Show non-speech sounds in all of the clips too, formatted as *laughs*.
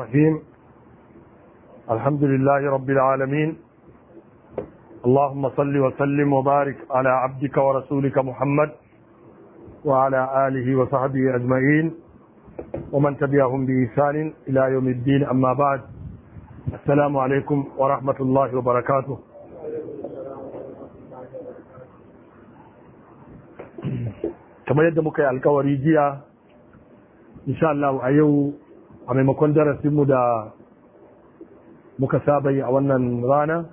الرحيم الحمد لله رب العالمين اللهم صل وسلم وبارك على عبدك ورسولك محمد وعلى آله وصحبه أجمعين ومن تبعهم بإحسان إلى يوم الدين أما بعد السلام عليكم ورحمة الله وبركاته كما يدمك muka yi alkawari jiya insha Allah a maimakon darasinmu da muka saba yi a wannan rana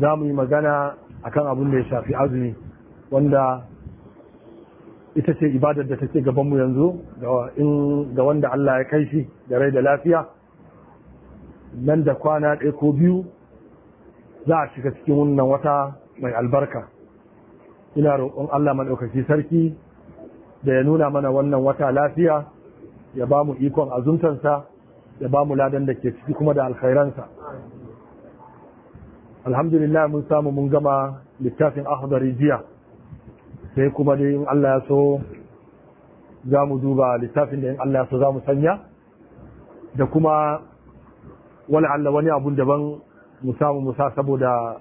za mu yi magana a kan abin da ya shafi azumi wanda ita ce ibadar da take gabanmu yanzu ga wanda Allah ya kai shi da rai da lafiya nan da kwana ɗaya ko biyu za a shiga cikin wannan wata mai albarka ina roƙon Allah maɗaukaki sarki da ya nuna mana wannan wata lafiya ya ba mu ikon azumtansa ya ba mu ladan da ke ciki kuma da alkhairansa alhamdulillah mun samu mun gama littafin ahudari jiya sai kuma dai in Allah ya so za mu duba littafin da in Allah ya so za mu sanya da kuma wani Allah wani abun daban mu samu musa saboda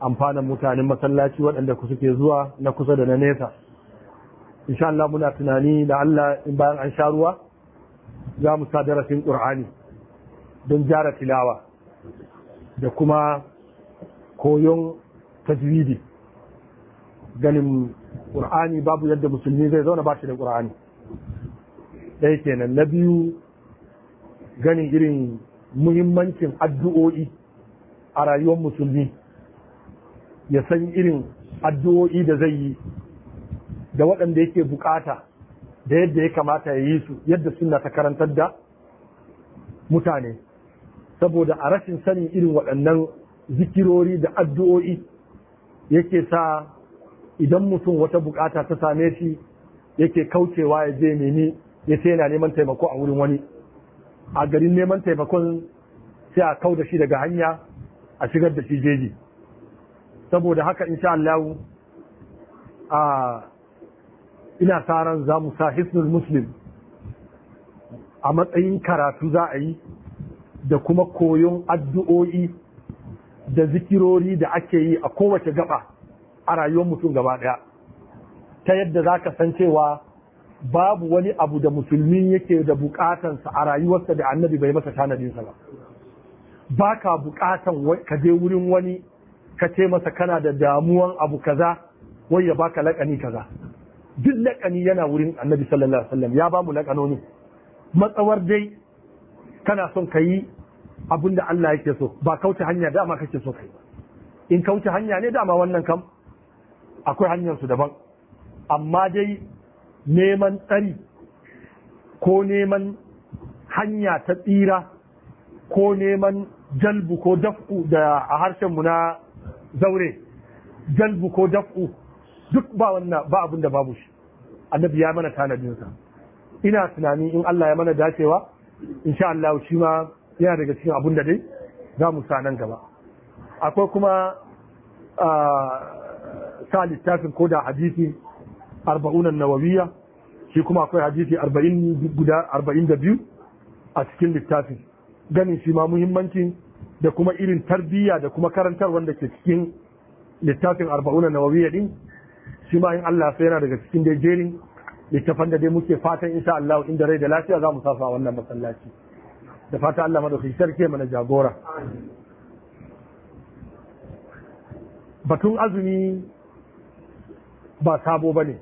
amfanin mutanen masallaci waɗanda ku suke zuwa na kusa da na nesa insha Allah muna tunani da Allah in bayan an sha ruwa za mu sa darasin ƙur'ani don jara tilawa da kuma koyon tajwidi ganin ƙur'ani babu yadda musulmi zai zauna ba shi da ƙur'ani ɗaya kenan na biyu ganin irin muhimmancin addu'o'i a rayuwar musulmi ya san irin addu'o'i da zai yi da waɗanda yake bukata da yadda ya kamata ya yi su yadda suna ta karantar da mutane saboda a rashin sanin irin waɗannan zikirori da addu'o'i yake sa idan mutum wata bukata ta same shi yake kaucewa ya je nemi ya sai yana neman taimako a wurin wani a garin neman taimakon sai a kau da shi daga hanya a shigar da shi jeji saboda haka insha Allah a ina sa ran za mu sa hisnul muslim a matsayin karatu za a yi da kuma koyon addu'o'i da zikirori da ake yi a kowace gaba a rayuwar mutum gaba ɗaya ta yadda za ka san cewa babu wani abu da musulmi yake da bukatansa a rayuwarsa da annabi bai masa tanadinsa ba ba ka bukatan ka je wurin wani ka ce masa kana da damuwan abu kaza wai ya baka lakani kaza duk laƙani yana wurin annabi sallallahu alaihi wasallam ya bamu mu laƙanoni matsawar dai kana son ka yi abin da Allah yake so ba kauce hanya dama kake so kai in kauce hanya ne dama wannan kam akwai hanyar su daban amma dai neman tsari ko neman hanya ta tsira ko neman jalbu ko dafku da a harshen mu na zaure jalbu ko dafku duk ba wannan ba abin da babu shi annabi ya mana tanadinsa ina tunani in Allah ya mana dacewa insha Allah shi ma yana daga cikin abun da dai za mu sa nan gaba akwai kuma sa littafin ko da hadisi arba'unan nawawiya shi kuma akwai hadisi arba'in guda arba'in da biyu a cikin littafin ganin shi ma muhimmanci da kuma irin tarbiyya da kuma karantar wanda ke cikin littafin arba'unan nawawiya din shi ma in Allah sai yana daga cikin da jerin littafan da dai muke fatan insha Allah inda rai da lafiya za mu safa wannan masallaci da fata Allah madaukakin sarki mana jagora batun azumi ba sabo bane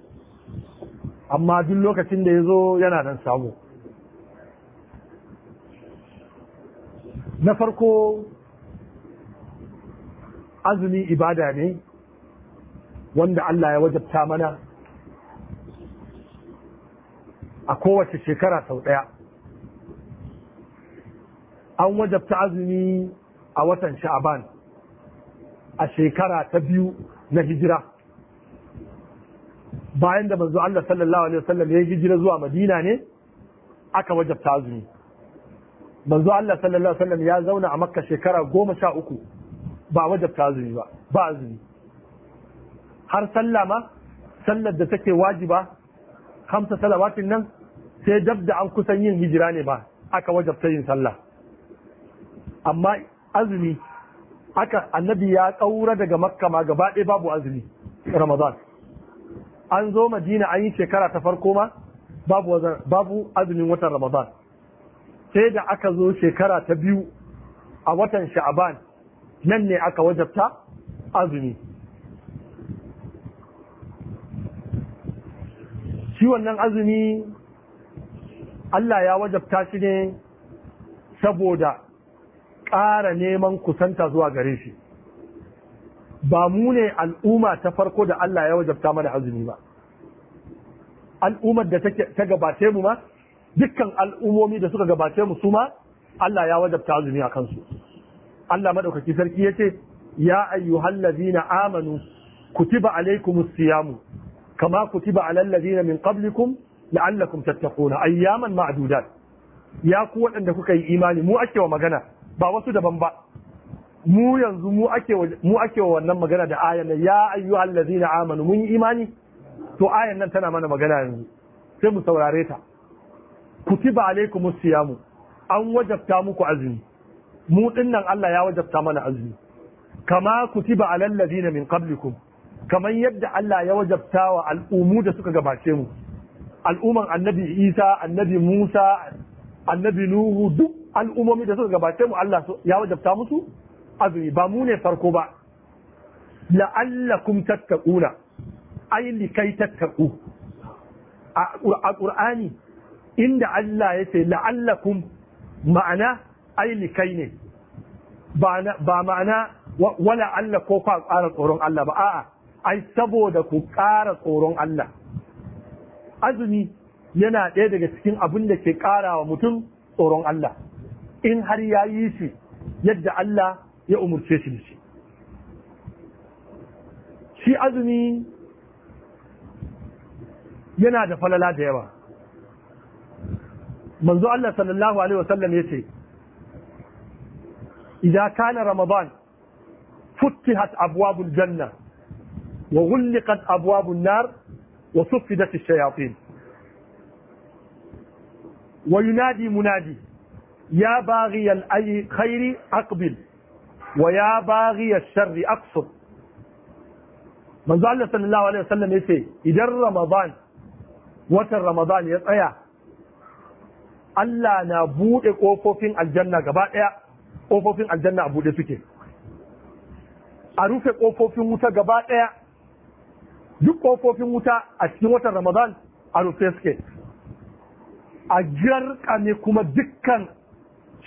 amma duk lokacin da ya zo yana nan sabo na farko azumi ibada ne wanda Allah ya wajabta mana a kowace shekara sau ɗaya an wajabta azumi a watan sha'aban a shekara ta biyu na hijira bayan da manzo Allah sallallahu alaihi wasallam ya hijira zuwa Madina ne aka wajabta azumi manzo Allah sallallahu alaihi wasallam ya zauna a Makka shekara goma sha uku ba wajabta azumi ba ba azumi har sallah ma sallar da take wajiba hamsa salawatin nan sai dab da an kusan yin hijira ne ba aka wajabta yin sallah amma azumi aka annabi ya kaura daga makka ma gaba ɗaya babu azumi ramadan an zo madina an yi shekara ta farko ma babu babu azumin watan ramadan sai da aka zo shekara ta biyu a watan sha'aban nan ne aka wajabta azumi shi wannan azumi Allah ya wajabta shi ne saboda ƙara neman kusanta zuwa gare shi ba mu ne al'umma ta farko da Allah ya wajabta mana azumi ba al'ummar da ta gabace mu ma dukkan al'ummomi da suka gabace mu su ma Allah ya wajabta azumi a kansu Allah madaukaki sarki yace ya ayyuhallazina amanu kutiba alaikumus siyamu kama kutiba alal ladina min qablikum la'allakum tattaquna ayyaman ma'dudat ya ku waɗanda kuka yi imani mu ake wa magana ba wasu daban ba mu yanzu mu ake mu ake wa wannan magana da ayan ya ayyuhal ladina amanu mun yi imani to ayan nan tana mana magana yanzu sai mu saurare ta kutiba alaikumus siyamu an wajabta muku azumi mu dinnan Allah ya wajabta mana azumi kama kutiba alal ladina min qablikum kamar yadda Allah ya wajabta wa al'umu da suka gabace mu al'umman annabi Isa annabi Musa annabi Nuhu duk al'ummomi da suka gabace mu Allah ya wajabta musu azumi ba mu ne farko ba la'allakum tattaquna ai kai tattaqu a Qur'ani inda Allah ya ce la'allakum ma'ana ai kai ne ba ma'ana wala Allah ko kwa ƙara tsoron Allah ba a'a ai saboda ku ƙara tsoron Allah azumi yana ɗaya daga cikin abin da ke ƙara wa mutum tsoron Allah in har ya yi shi yadda Allah ya umurce shi da shi shi azumi yana da falala da yawa manzo Allah sallallahu alaihi wasallam yace idza kana ramadan futtihat abwabul janna وغلقت أبواب النار وصفدت الشياطين وينادي منادي يا باغي الخير أقبل ويا باغي الشر أقصر من الله صلى الله عليه وسلم يسي إذا رمضان watan رمضان ya tsaya, Allah na buɗe ƙofofin aljanna gaba ɗaya, ƙofofin aljanna a buɗe suke, a rufe ƙofofin wuta gaba ɗaya. duk kofofin wuta a cikin watan ramadan a rufe suke a garkame kuma dukkan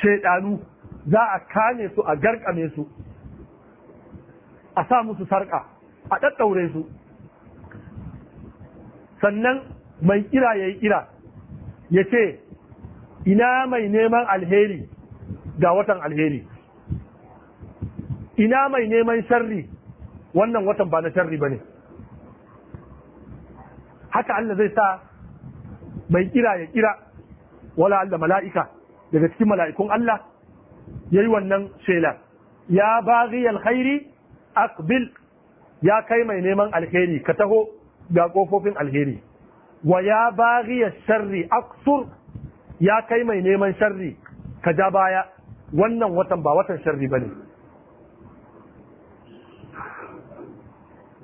shaidanu za a kane su a garkame su a sa musu sarka a ɗaɗɗaure su sannan mai kira ya yi kira ya ce ina mai neman alheri ga watan alheri ina mai neman sharri wannan watan ba na sharri ba ne haka Allah zai sa mai kira ya kira wala Allah mala'ika daga cikin mala'ikun Allah yayi wannan shela ya baghi alkhairi aqbil ya kai mai neman alheri ka taho ga kofofin alheri wa ya baghi sharri aksur ya kai mai neman sharri ka ja baya wannan watan ba watan sharri bane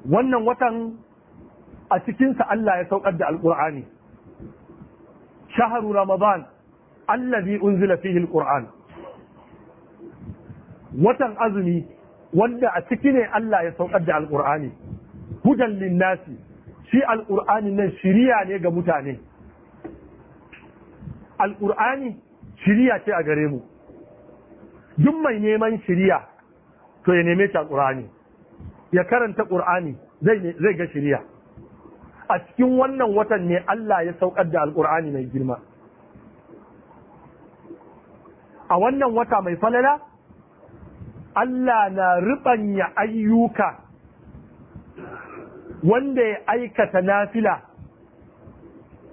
wannan watan a cikinsa Allah ya saukar da alƙur'ani shaharu ramadan allazi unzila fihi alqur'an watan azumi wanda a ciki ne Allah ya saukar da alqur'ani hudan linnasi shi alqur'ani nan shiriya ne ga mutane alqur'ani shiriya ce a gare mu duk mai neman shiriya to ya neme ta Al-ƙur'ani, ya karanta ƙur'ani zai ga shiriya a cikin wannan watan ne Allah ya saukar da alkur'ani mai girma a wannan wata mai falala Allah na riɓanya ayyuka wanda ya aikata nafila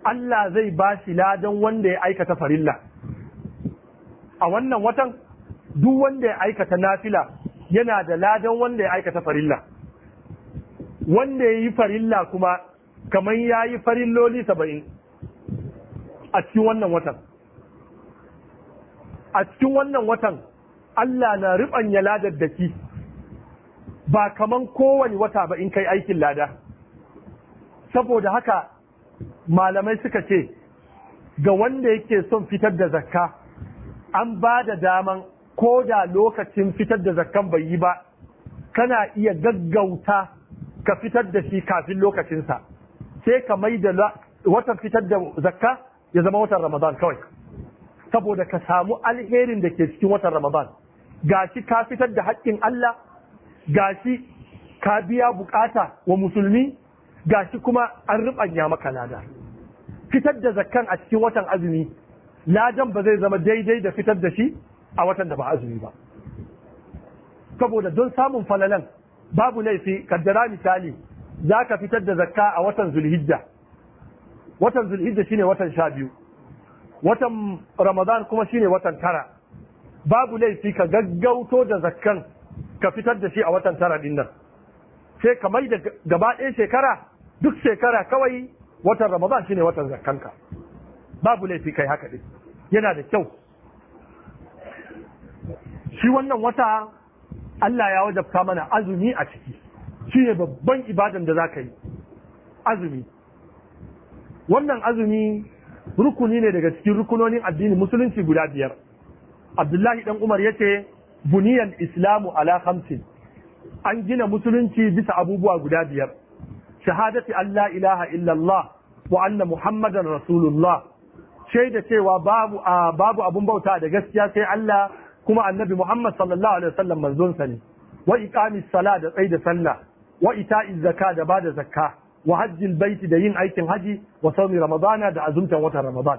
Allah zai ba shi ladan wanda ya aikata farilla a wannan watan duk wanda ya aikata nafila yana da ladan wanda ya aikata farilla wanda ya yi farilla kuma kamar ya yi farin loli saba'in a cikin wannan watan a cikin wannan watan Allah na riɓanya ladar da ki ba kaman kowane wata ba in kai aikin lada saboda haka malamai suka ce ga wanda yake son fitar da zakka an ba da daman ko da lokacin fitar da zakkan bai yi ba kana iya gaggauta ka fitar da shi kafin lokacinsa sai ka mai da watan fitar da zakka ya zama watan ramadan kawai saboda ka samu alherin da ke cikin watan ramadan gashi ka fitar da haƙƙin Allah gashi ka biya bukata wa musulmi gashi kuma an ruɓanya maka lada fitar da zakkan a cikin watan azumi ladan ba zai zama daidai da fitar da shi a watan da ba azumi ba saboda don samun falalan babu laifi kaddara misali za ka fitar da zakka a watan zulhijja watan zulhijja shine watan sha biyu watan ramadan kuma shine watan tara babu laifi ka gaggauto da zakkan ka fitar da shi a watan tara din nan sai ka mai da gaba ɗaya shekara duk shekara kawai watan ramadan shine watan zakkanka babu laifi kai haka din yana da kyau shi wannan wata Allah ya wajabta mana azumi a ciki shi ne babban ibadan da za ka yi azumi wannan azumi rukuni ne daga cikin rukunonin addini musulunci guda biyar abdullahi dan umar ya ce buniyan islamu ala hamsin an gina musulunci bisa abubuwa guda biyar shahadati Allah, ilaha illallah wa anna muhammadan rasulullah shaida cewa babu babu abun bauta da gaskiya sai Allah kuma annabi muhammad sallallahu alaihi wasallam manzon sa ne wa iqamis sala da tsaida sallah wa ita'iz zaka da bada zakka wa hajjil baiti da yin aikin haji wa saumi ramadana da azumtan watan ramadan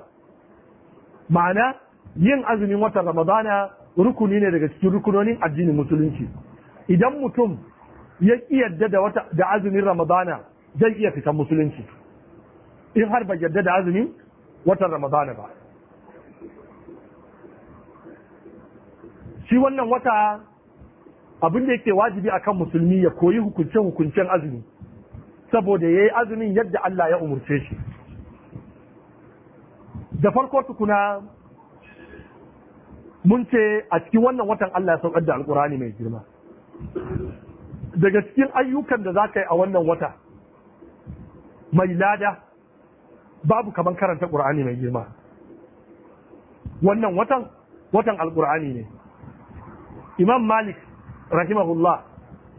ma'ana yin azumin watan ramadana rukuni ne daga cikin rukunonin addinin musulunci idan mutum ya ki yadda da wata da azumin ramadana zai iya fitan musulunci in har bai yadda da azumin watan ramadana ba shi wannan wata abin da yake wajibi akan musulmi ya koyi hukunce hukuncen azumi saboda yayi azumin yadda Allah ya umurce shi da farko tukuna mun ce a cikin wannan watan Allah ya saukar da alkurani mai girma daga cikin ayyukan da za ka yi a wannan wata mai lada babu kaman karanta ƙur'ani mai girma wannan watan watan alkurani ne imam malik rahimahullah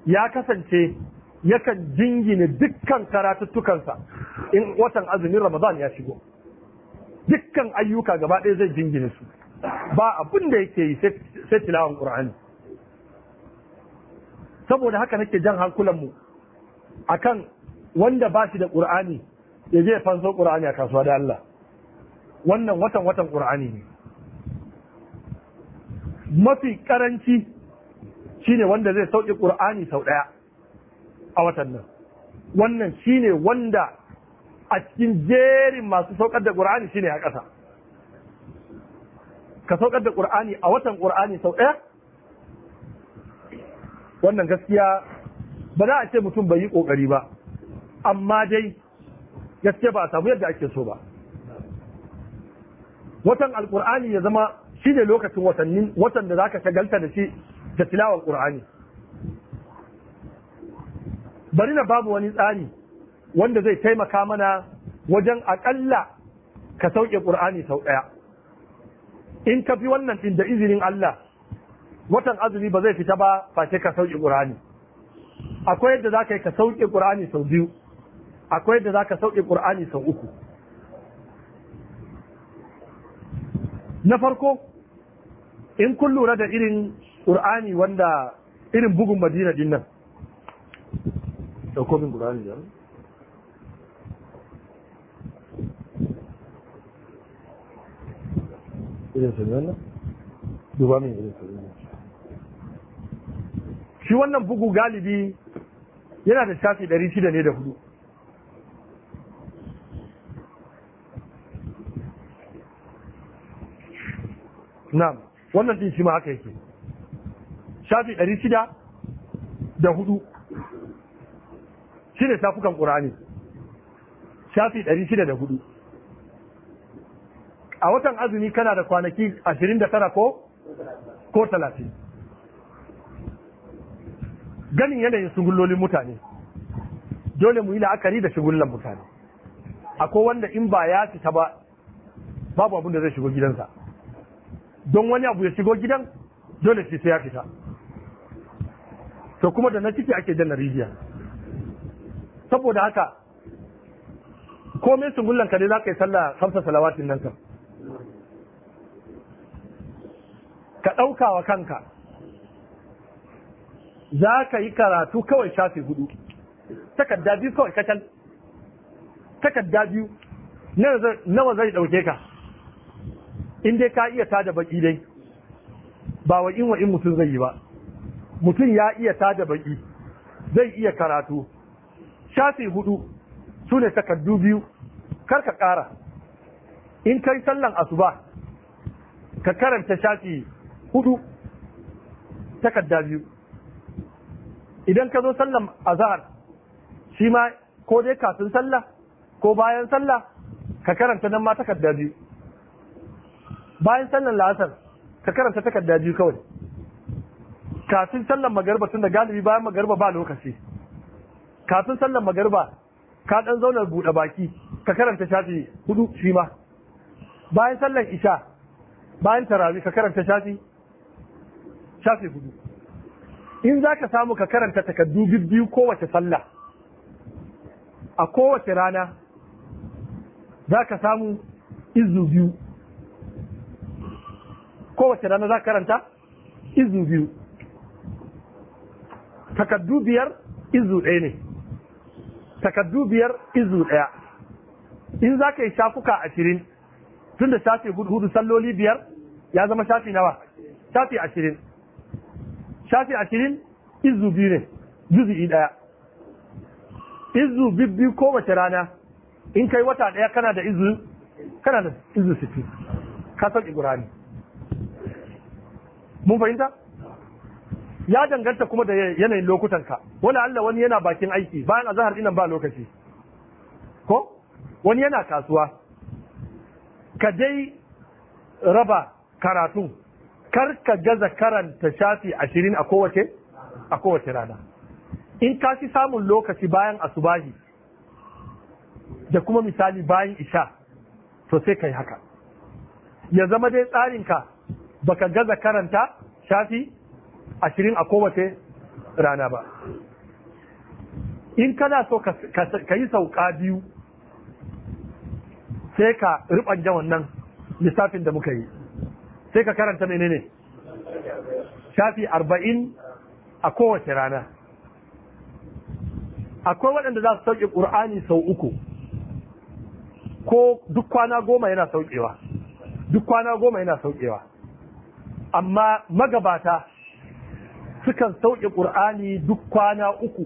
ya kasance yakan jingine dukkan karatuttukansa in watan azumin ramadan ya shigo dukkan ayyuka gaba ɗaya zai jingine su ba abin da yake yi sai tilawan qur'ani saboda haka nake jan hankulan hankulanmu akan wanda ba shi da qur'ani ya je fanso qur'ani a kasuwa da Allah wannan watan watan qur'ani ne mafi karanci shine wanda zai sauke qur'ani sau daya a watan nan wannan shine wanda a cikin jerin masu saukar da qur'ani shine a ƙasa ka saukar da qur'ani a watan qur'ani sau daya wannan gaskiya ba za a ce mutum bai yi ƙoƙari ba amma dai gaskiya ba a samu yadda ake so ba watan alkur'ani ya zama shi ne lokacin watannin watan da zaka shagalta da shi da tilawar ƙur'ani bari na babu wani tsari wanda zai taimaka mana wajen aƙalla ka sauke ƙur'ani sau ɗaya in ka fi wannan ɗin da izinin Allah watan azumi ba zai fita ba face ka sauke ƙur'ani akwai yadda za ka yi ka sauke ƙur'ani sau biyu akwai yadda za ka sauke ƙur'ani sau uku na farko in kun lura da irin ƙur'ani wanda irin bugun madina din nan ɗauko min ƙur'ani da irin sami wannan duba min irin sami wannan shi wannan bugu galibi yana da shafi ɗari shida ne da hudu na wannan din shi ma haka yake shafi ɗari shida da hudu shi ne tafukan ƙur'ani shafi ɗari shida da a watan azumi kana da kwanaki ashirin da tara ko ko talatin ganin yanayin sungullolin mutane dole mu yi la'akari da shigullan mutane akwai wanda in ba ya fita ba babu abin da zai shigo gidansa don wani abu ya shigo gidan dole sai ya fita to kuma da na ciki ake danna rijiya saboda haka komai sungullan ka ne za ka yi sallah hamsa salawatin nan kan ka ɗauka wa kanka za ka yi karatu kawai shafi hudu takarda biyu kawai kacal takarda biyu nawa zai ɗauke ka in dai ka iya tada baki dai ba wa in wa in mutum zai yi ba mutum ya iya tada baki zai iya karatu shafi hudu su ne takardu biyu kar ka ƙara in kai sallan asuba ka karanta shafi hudu takarda biyu idan ka zo sallan azahar shi ma ko dai kafin sallah ko bayan sallah ka karanta nan ma takarda biyu bayan sallan la'asar ka karanta takarda biyu kawai kafin sallan magarba tunda galibi bayan magarba ba lokaci kafin sallan magarba ka dan zauna buɗe baki ka karanta shafi hudu shi ma bayan sallan isha bayan tarawih ka karanta shafi shafi hudu in za ka samu ka karanta takaddu biyu kowace sallah a kowace rana za ka samu izu biyu kowace rana za ka karanta izu biyu takaddu biyar izu ɗaya ne takaddu biyar izu ɗaya in za ka yi shafuka ashirin tun da shafi hudu salloli biyar ya zama shafi nawa shafi ashirin shafi ashirin izu biyu ne juzi'i ɗaya izu bibbi ko wace rana in kai wata ɗaya kana da izu kana da izu sifi ka sauƙi gurani mun fahimta ya danganta kuma da yanayin lokutanka wala Allah wani yana bakin aiki bayan azahar dinan ba lokaci ko wani yana kasuwa ka dai raba karatu kar ka gaza karanta shafi ashirin a kowace a kowace rana in ka fi samun lokaci bayan asubahi da kuma misali bayan isha to sai kai haka ya zama dai tsarin tsarinka baka gaza karanta shafi ashirin a kowace rana ba in kana so ka yi sauka biyu sai ka riɓanja nan lissafin da muka yi sai ka karanta menene shafi arba'in a kowace rana akwai waɗanda za su sauƙi ƙur'ani sau uku ko duk kwana goma yana sauƙewa duk kwana goma yana sauƙewa amma magabata sukan sauke ƙur'ani duk kwana uku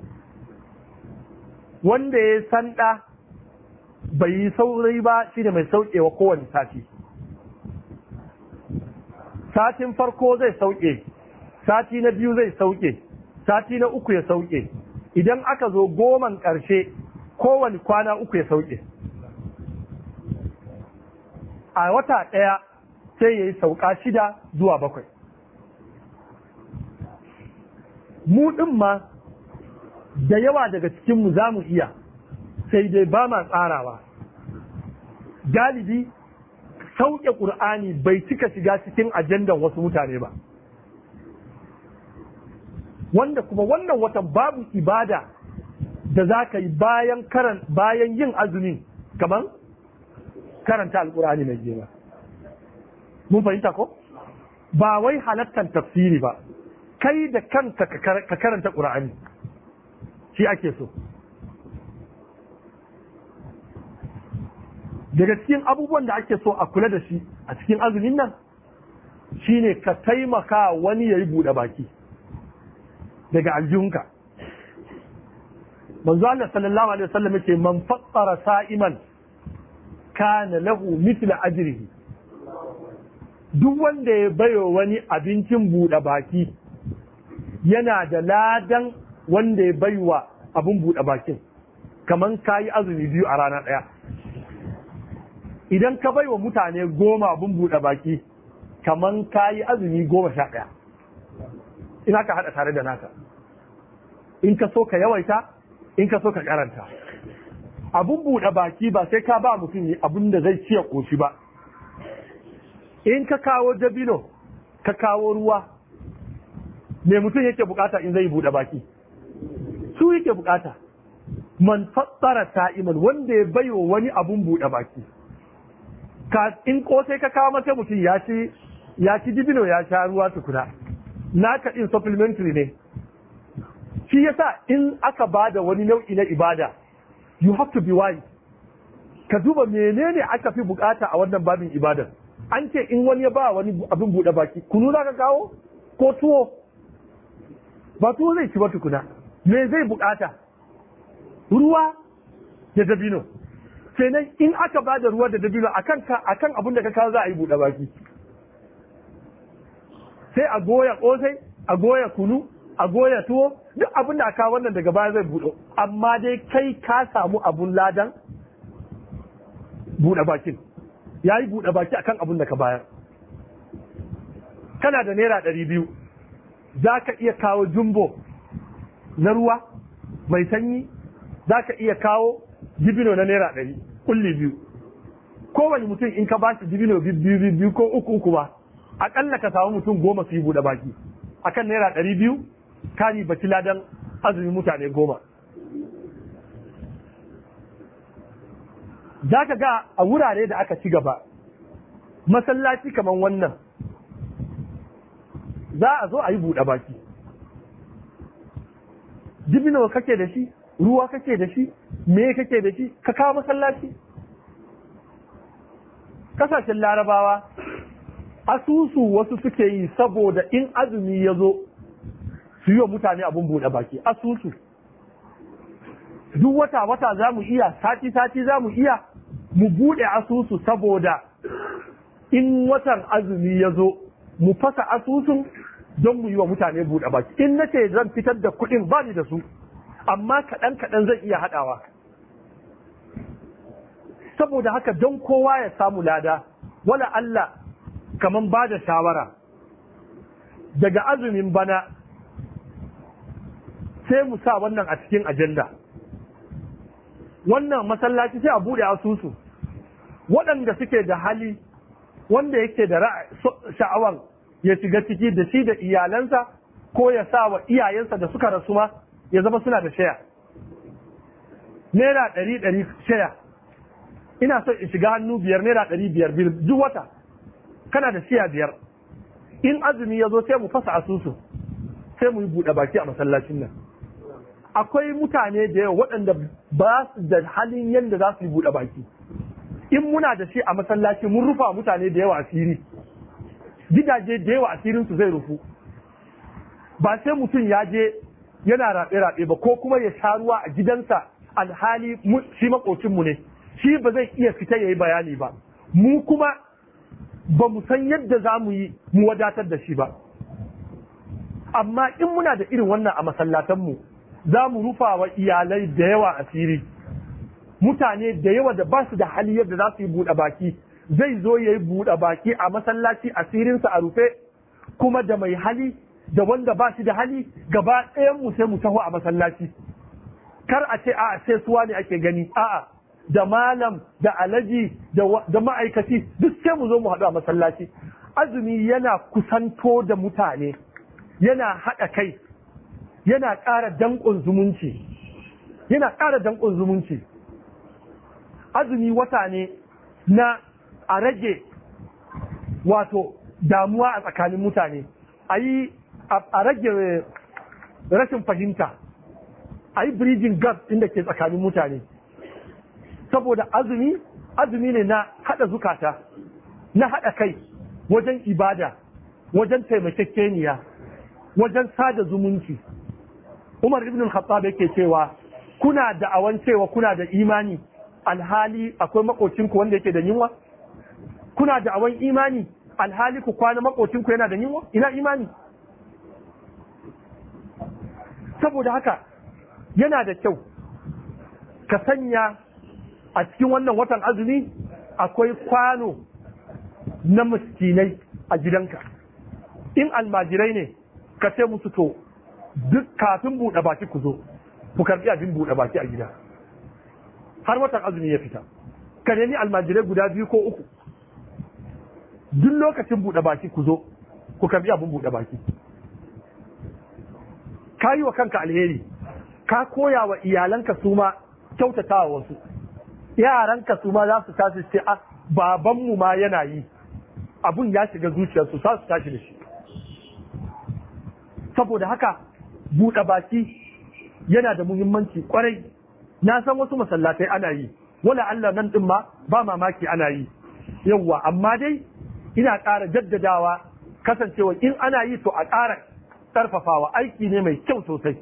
wanda ya sanda bai yi sauri ba shi da mai saukewa kowane sati satin farko zai sauke sati na biyu zai sauke sati na uku ya sauke idan aka zo goman ƙarshe kowane kwana uku ya sauke a wata ɗaya sai ya yi sauka shida zuwa bakwai mu ɗin ma da yawa daga cikinmu za mu iya sai dai ba ma tsarawa galibi sauƙe ƙur'ani bai cika shiga cikin ajandan wasu mutane ba wanda kuma wannan watan babu ibada da za ka yi bayan karan bayan yin azumin kamar karanta Alƙur'ani mai gina. mun fahimta ko ba wai halattan tafsiri ba kai da kanta ka karanta ƙura'ani shi ake so daga cikin abubuwan da ake so a kula da shi a cikin azumin nan shine ka taimaka wani ya yi buɗe baki daga aljihunka manzo Allah sallallahu alaihi wasallam yake man fassara sa'iman kana lahu mithla ajrihi duk wanda ya bayo wani abincin buɗe baki yana da ladan wanda ya baiwa abin buɗe bakin kaman ka azumi biyu a rana ɗaya idan ka baiwa mutane goma abin buɗe baki kaman ka azumi goma sha ɗaya ina ka haɗa tare da naka in ka so ka yawaita in ka so ka karanta Abin buɗe baki ba sai ka ba mutum abun da zai ciye ƙoshi ba in ka kawo dabino ka kawo ruwa me mutum yake bukata in zai buɗe baki su yake bukata man fassara ta'iman wanda ya baiwa wani abun buɗe baki ka in sai ka kawo mata mutum ya ci ya ci dibino ya sha ruwa tukuna ka in supplementary ne shi yasa in aka bada wani nau'i na ibada you have to be wise ka duba menene aka fi bukata a wannan babin ibada. an ce in wani ya ba wani abin buɗe baki kunu za ka kawo ko tuwo ba tuwo zai ci ba tukuna me zai bukata ruwa da dabino kenan in aka ba da ruwa da dabino akan akan abin da ka kawo za a yi buɗe baki sai a goya kosai a goya kunu a goya tuwo duk abin da aka wannan daga baya zai buɗe amma dai kai ka samu abun ladan buɗe bakin ya yi buɗe baki akan abin da ka bayar kana da naira ɗari biyu za ka iya kawo jumbo na ruwa mai sanyi za ka iya kawo dibino na naira ɗari kulli biyu kowane mutum in ka ba shi dibino biyu biyu ko uku uku ba aƙalla ka samu mutum goma su yi buɗe baki akan naira ɗari biyu kari baci ladan azumin mutane goma za ka ga a wurare da aka ci gaba masallaci kamar wannan za a zo a yi buɗe baki dibino kake da shi ruwa kake da shi me kake da shi ka kawo masallaci kasashen larabawa asusu wasu suke yi saboda in azumi ya zo su yi wa mutane abin buɗe baki asusu duk wata wata za mu iya sati sati za mu iya mu buɗe asusu saboda in watan azumi ya zo mu fasa asusun don mu yi wa mutane buɗe baki in na ce zan fitar da kuɗin ba ni da su amma kaɗan kaɗan zan iya haɗawa saboda haka don kowa ya samu lada wala Allah kaman ba da shawara daga azumin bana sai mu sa wannan a cikin ajanda wannan masallaci sai a buɗe asusu waɗanda suke da hali wanda yake da sha'awan ya shiga ciki da shi da iyalansa ko ya sa wa iyayensa da suka rasu ma ya zama suna da shaya naira ɗari ɗari shaya ina so in shiga hannu biyar naira ɗari biyar duk wata kana da shiya biyar in azumi ya zo sai mu fasa asusu sai mu yi buɗe baki a masallacin nan akwai mutane da yawa waɗanda ba su da halin yadda za su yi buɗe baki in muna da shi a masallaci mun rufa mutane da yawa asiri gidaje da yawa asirinsu zai rufu ba sai mutum ya je yana rabe rabe ba ko kuma ya sha ruwa a gidansa alhali shi makocinmu ne shi ba zai iya fita ya yi bayani ba mu kuma ba mu san yadda za mu yi mu wadatar da shi ba amma in muna da irin wannan a masallatanmu za mu rufa wa iyalai da yawa asiri mutane da yawa da ba su da hali yadda za su yi buɗe baki zai zo ya yi buɗe baki a masallaci asirinsa a rufe kuma da mai hali da wanda ba shi da hali gaba ɗayan mu sai mu taho a masallaci kar a ce a'a sai suwa ne ake gani a'a da malam da alaji da ma'aikaci duk sai mu zo mu haɗu a masallaci azumi yana kusanto da mutane yana haɗa kai yana ƙara danƙon zumunci yana ƙara danƙon zumunci azumi wata ne na a rage wato damuwa a tsakanin mutane a yi a rage eh, rashin fahimta a yi bridging gap inda ke tsakanin mutane saboda azumi azumi ne na haɗa zukata na haɗa kai wajen ibada wajen taimakekeniya wajen sada zumunci umar ibn al-khattab yake cewa kuna da awan cewa kuna da imani alhali akwai makocinku wanda yake da yunwa kuna da awan imani alhali ku kwana ku yana da yunwa ina imani saboda haka yana da kyau ka sanya a cikin wannan watan azumi akwai kwano na miskinai a gidanka in almajirai ne ka ce musu to duk kafin buɗe baki ku zo ku karɓi abin buɗe baki a gida har watan azumi ya fita ka nemi almajirai guda biyu ko uku duk lokacin buɗe baki ku zo ku karbi abin buɗe baki ka yi wa kanka alheri ka koya wa iyalanka su ma kyautatawa wasu yaranka su ma za su tashi ce ah, babanmu ma yana yi abun ya shiga zuciyarsu za su tashi da shi saboda haka buɗe baki yana da muhimmanci kwarai na san wasu masallatai ana yi wala Allah nan ɗin ma ba mamaki ana yi yawwa amma dai ina ƙara jaddadawa kasancewa in ana yi to a ƙara ƙarfafawa aiki ne mai kyau sosai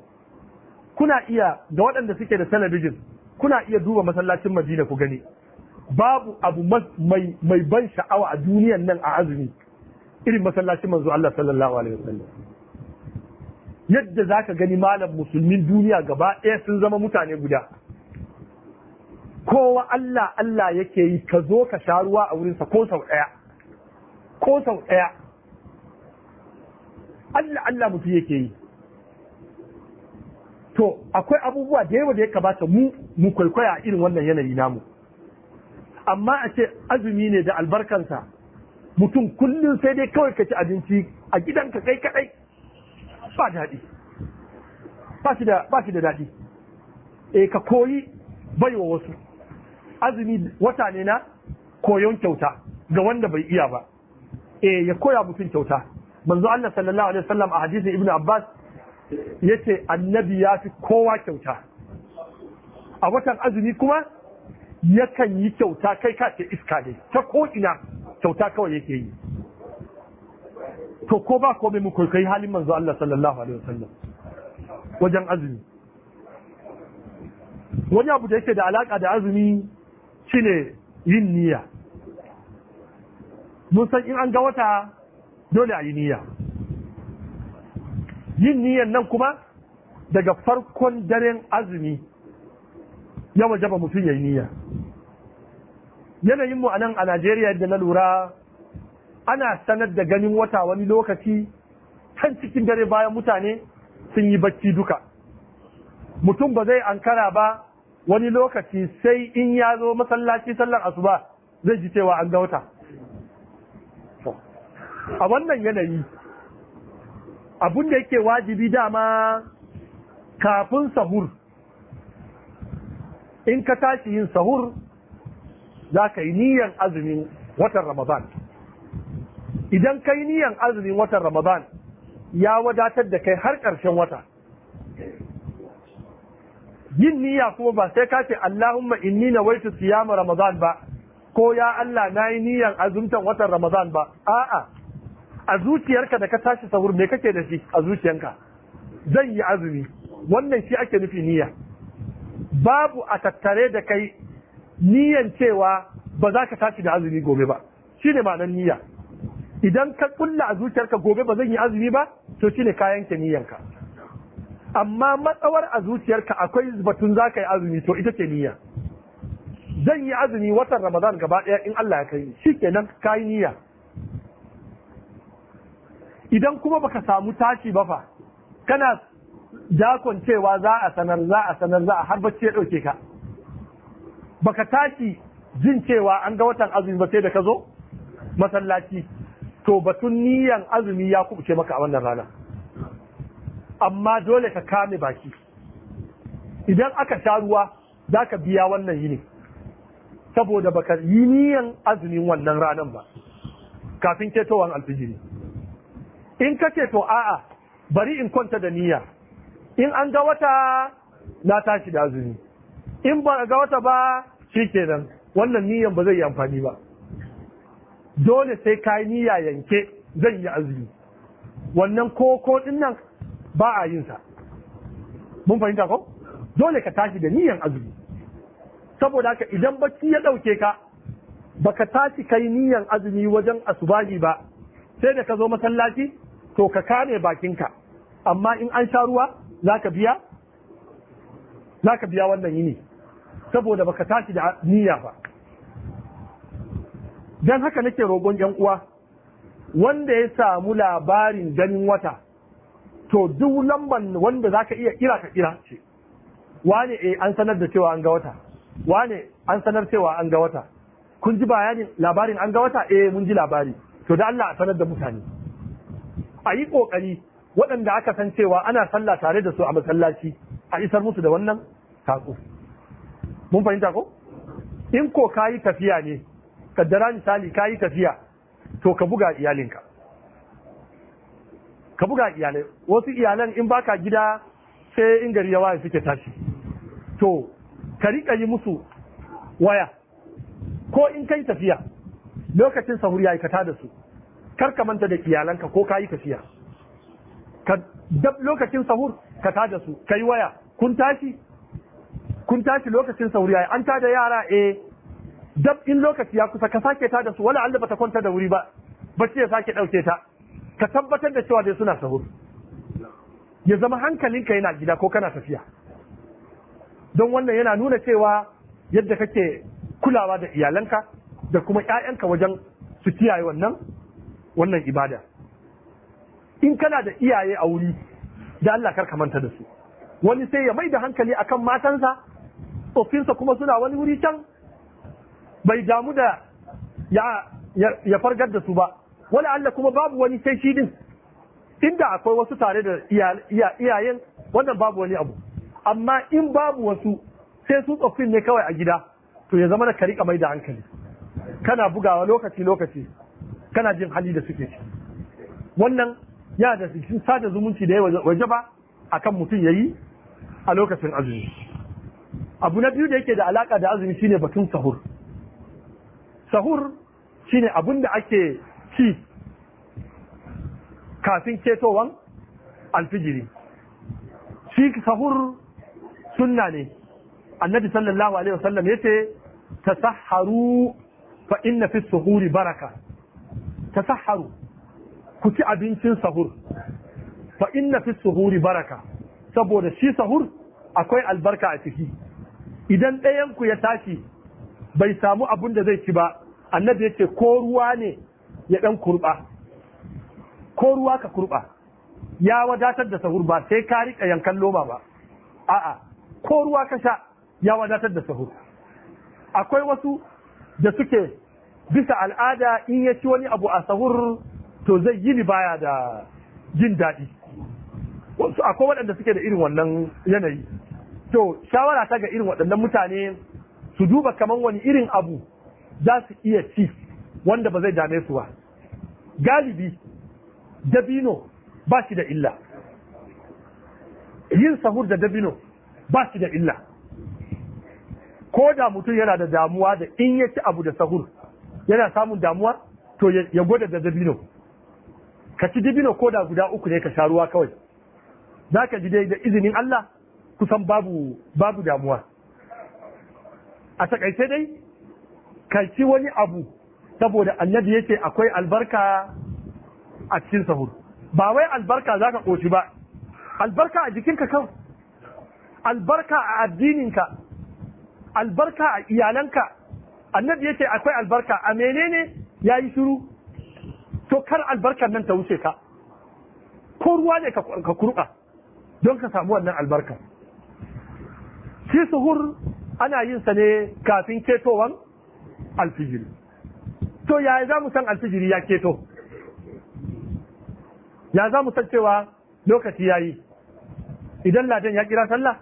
kuna iya da waɗanda suke da talabijin kuna iya duba masallacin madina ku gani babu abu mai ban sha'awa a duniyan nan a azumi irin masallacin manzo Allah sallallahu alaihi wasallam yadda zaka gani malam musulmin duniya gaba ɗaya sun zama mutane guda kowa Allah Allah yake yi ka zo ka sha ruwa a wurinsa ko sau ɗaya ko sau ɗaya Allah Allah mutu yake yi to akwai abubuwa da yawa da ya kamata mu mu kwaikwaya a irin wannan yanayi namu amma a ce azumi ne da albarkansa mutum kullum sai dai kawai ka ci abinci a gidanka kai kadai ba daɗi ba shi da daɗi E, ka koyi baiwa wasu azumi wata ne na koyon kyauta ga wanda bai iya ba eh ya koya mutum kyauta manzo Allah sallallahu alaihi wasallam a hadisin ibnu abbas yace annabi ya fi kowa kyauta a watan azumi kuma yakan yi kyauta kai ka ce iska ne ta ko kyauta kawai yake yi to ko ba komai mu kai halin manzo Allah sallallahu alaihi wasallam wajen azumi wani abu da yake da alaka da azumi shine yin niyya mun san in an ga wata dole a yi niyya yin niyyan nan kuma daga farkon daren azumi ya jaba mutum ya yi niyya yanayin mu a nan a najeriya yadda na lura ana sanar da ganin wata wani lokaci kan cikin dare bayan mutane sun yi bacci duka mutum ba zai ankara ba wani lokaci sai in ya zo masallaci sallar asuba zai ji cewa an ga wata a wannan yanayi abin da yake wajibi dama kafin sahur in ka tashi yin sahur za ka yi niyan azumin watan ramadan idan ka yi niyan azumin watan ramadan ya wadatar da kai har ƙarshen wata yin niyya kuma ba sai ka ce Allahumma inni nawaitu siyama ramadan ba ko ya Allah na yi niyan azumtan watan ramadan ba a'a a zuciyarka da ka tashi sahur me kake da shi a zuciyanka zan yi azumi wannan shi ake nufi niyya babu a tattare da kai niyyan cewa ba za ka tashi da azumi gobe ba shi ne ma'anar niyya idan ka kulla a zuciyarka gobe ba zan yi azumi ba to shi ne kayan niyyanka amma matsawar a zuciyarka akwai batun za ka yi azumi to ita ce niyya zan yi azumi watan ramadan gaba ɗaya in Allah ya kai shi kenan kayi niyya idan kuma baka samu tashi ba fa kana jakon cewa za a sanar za a sanar za a har bacci ya ɗauke ka baka tashi jin cewa an ga watan azumi ba sai da ka zo masallaci to batun niyan azumi ya kubuce maka a wannan rana amma dole ka kame baki idan aka sha ruwa za ka biya wannan yini saboda baka yi niyan azumin wannan ranan ba kafin ketowar alfijiri in kake ce to a'a bari in kwanta da niyya in an ga wata na tashi da azumi in ba ga wata ba shi kenan wannan niyyan ba zai yi amfani ba dole sai ka niyya yanke zan yi azumi wannan koko din nan ba a yin sa mun fahimta ko dole ka tashi da niyyan azumi saboda haka idan bacci ya dauke ka baka tashi kai niyyan azumi wajen asubahi ba sai da ka zo masallaci to ka kame bakinka amma in an sha ruwa za ka biya za ka biya wannan yini saboda baka tashi da niyya ba don haka nake rogon yan uwa wanda ya samu labarin ganin wata to duk lamban wanda za ka iya kira ka kira ce wane eh an sanar da cewa an ga wata wane an sanar cewa an ga wata kun ji bayanin labarin an ga wata eh mun ji labari to da Allah a sanar da mutane a yi ƙoƙari waɗanda aka san cewa ana sallah tare da su a masallaci a isar musu da wannan saƙo mun fahimta ko in ko ka yi tafiya ne kaddara misali ka yi tafiya to ka buga iyalinka ka buga iyalai wasu iyalan in baka gida sai in gari ya suke tashi to ka riƙa yi musu waya ko in kai tafiya lokacin sahur ya aikata da su kar ka manta da iyalanka ko kayi tafiya ka dab lokacin sahur ka tada su kai waya kun tashi kun tashi lokacin sahur yayi an tada yara eh dab in lokaci ya kusa ka sake tada su wala Allah bata kwanta da wuri ba bacci ya sake dauke ta ka tabbatar da cewa dai suna sahur ya zama hankalinka yana gida ko kana tafiya don wannan yana nuna cewa yadda kake kulawa da iyalanka da kuma 'ya'yanka wajen su kiyaye wannan wannan ibada in kana da iyaye a wuri da Allah karka manta da su wani sai ya mai da hankali akan matansa tsoffinsa kuma suna wani wuri can bai damu da ya fargar da su ba wani Allah kuma babu wani sai shi din inda akwai wasu tare da iyayen wannan babu wani abu amma in babu wasu sai su tsoffin ne kawai a gida to ya zama da ka rika mai da hankali kana bugawa lokaci lokaci kana jin hali da suke ciki wannan ya da cikin sada zumunci da ya waje ba kan mutum ya yi a lokacin azumi abu na biyu da yake da alaka da azumi shine batun sahur sahur shine abun da ake ci kafin ketowan alfijiri shi sahur sunna ne annabi sallallahu alaihi wasallam yace tasahharu fa inna fi suhuri baraka tasaharu ku ci abincin sahur fa inna fi suhuri baraka saboda shi sahur akwai albarka a ciki idan ɗayan ku ya tashi bai samu abin da zai ci ba annabi ya ce ko ruwa ne ya ɗan kurɓa ko ruwa ka kurɓa ya wadatar da sahur ba sai ka riƙa yankan loma ba a'a ko ruwa ka sha ya wadatar da sahur akwai wasu da suke bisa al'ada in ya ci wani abu a sahur to zai yi baya da jin daɗi wasu akwai waɗanda suke da irin wannan yanayi to shawara ta ga irin waɗannan mutane su duba kamar wani irin abu za su iya ci wanda ba zai dame su ba galibi dabino ba shi da illa yin sahur da dabino ba shi da illa ko da mutum yana da damuwa da in ya ci abu da sahur yana samun damuwa to ya gwada da dabino ka ci dabino ko da guda uku ne ka sha ruwa kawai za ka ji dai da izinin Allah kusan babu babu damuwa a takaice dai ka ci wani abu saboda annabi yake akwai albarka a cikin sahur ba wai albarka za ka koci ba albarka a jikinka kawai albarka a addininka albarka a iyalanka annabi yace akwai albarka a menene yayi shiru to kar albarkar nan ta wuce ka ko ruwa ne ka kurka don ka samu wannan albarka shi suhur ana yin sa ne kafin ketowan alfijiri to yaya za mu san alfijiri ya keto ya za mu san cewa lokaci ya yi idan ladan ya kira sallah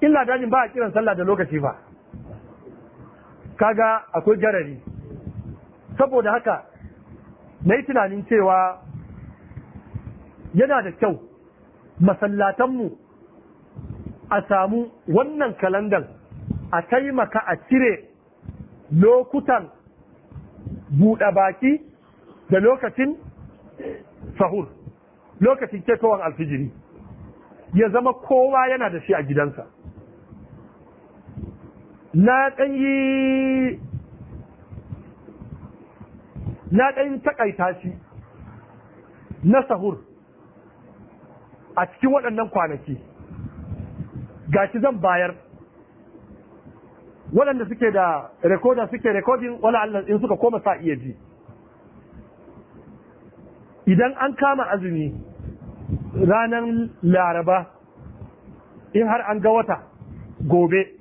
in ladanin ba a kiran sallah da lokaci ba kaga akwai jarari saboda haka na yi tunanin cewa yana da kyau masallatanmu a samu wannan kalandar a taimaka a cire lokutan buɗe baki da lokacin sahur lokacin kekowar alfijiri ya zama kowa yana da shi a gidansa na ɗan yi na ɗan taƙaita shi na sahur a cikin waɗannan kwanaki gashi zan bayar waɗanda suke da rekoda suke rekodin Wani Allah in suka koma sa iya ji idan an kama azumi ranar laraba in har an ga wata gobe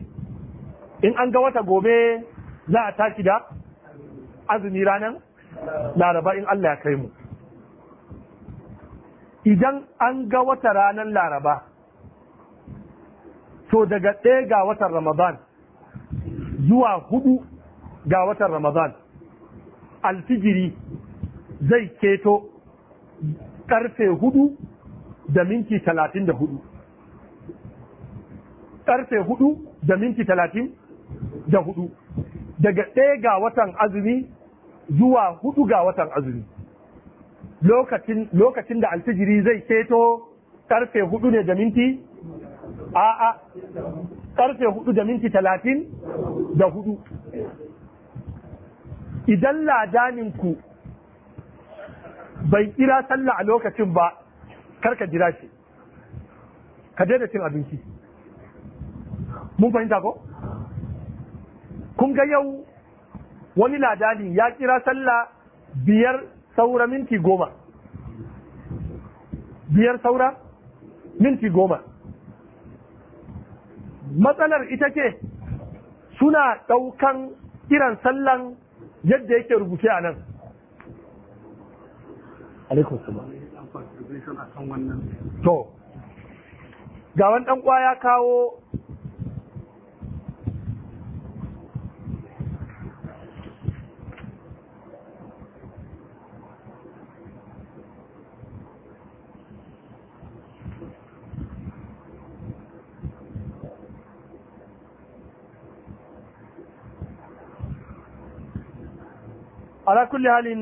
in an ga wata gobe za a tashi da azumi ranar laraba in Allah ya kai mu idan an ga wata ranar laraba to daga ɗaya ga watan ramadan zuwa hudu ga watan ramadan alfijiri zai keto karfe hudu da minti talatin da hudu karfe hudu da minti talatin da hudu daga ɗaya ga watan azumi zuwa hudu ga watan azumi lokacin lokacin da alfijiri zai keto karfe hudu ne da minti a'a karfe hudu da minti talatin da hudu idan ladaninku bai kira sallah a lokacin ba karka jira shi ka daina cin abinci mun fahimta ko kun ga yau wani ladani ya kira sallah biyar saura minti goma biyar saura minti goma matsalar ita ce suna ɗaukan kiran sallan yadda yake rubuce a nan alaikun sama to ga wani ɗan ya kawo ala kulli halin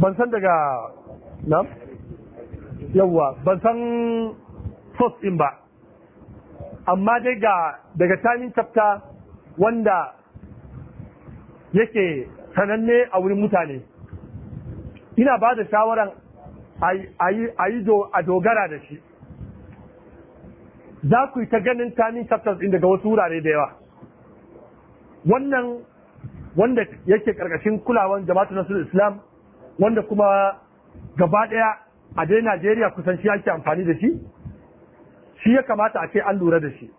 ban san daga na yawwa ban san fos din ba amma dai ga daga tamin chapter wanda yake sananne a wurin mutane ina ba da shawaran a yi a dogara da shi za ku yi ta ganin tanin chapters din daga wasu wurare da yawa wannan wanda yake karkashin kulawan jama'atu nasul islam wanda kuma gaba daya a dai najeriya kusan shi ake amfani da shi shi ya kamata a ce an lura da shi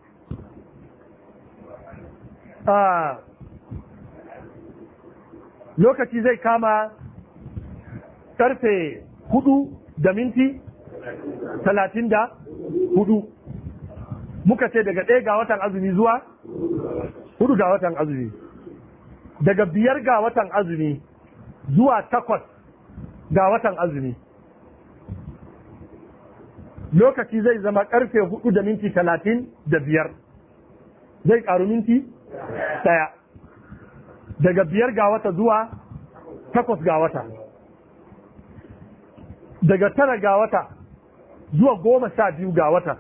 ah, lokaci zai kama karfe hudu da minti talatin da hudu muka ce daga ɗaya ga watan azumi zuwa hudu ga watan azumi daga biyar ga watan azumi zuwa takwas ga watan azumi lokaci zai zama karfe hudu da minti talatin da biyar zai karu minti daya daga biyar ga wata zuwa takwas ga wata daga tara ga wata zuwa goma sha biyu ga wata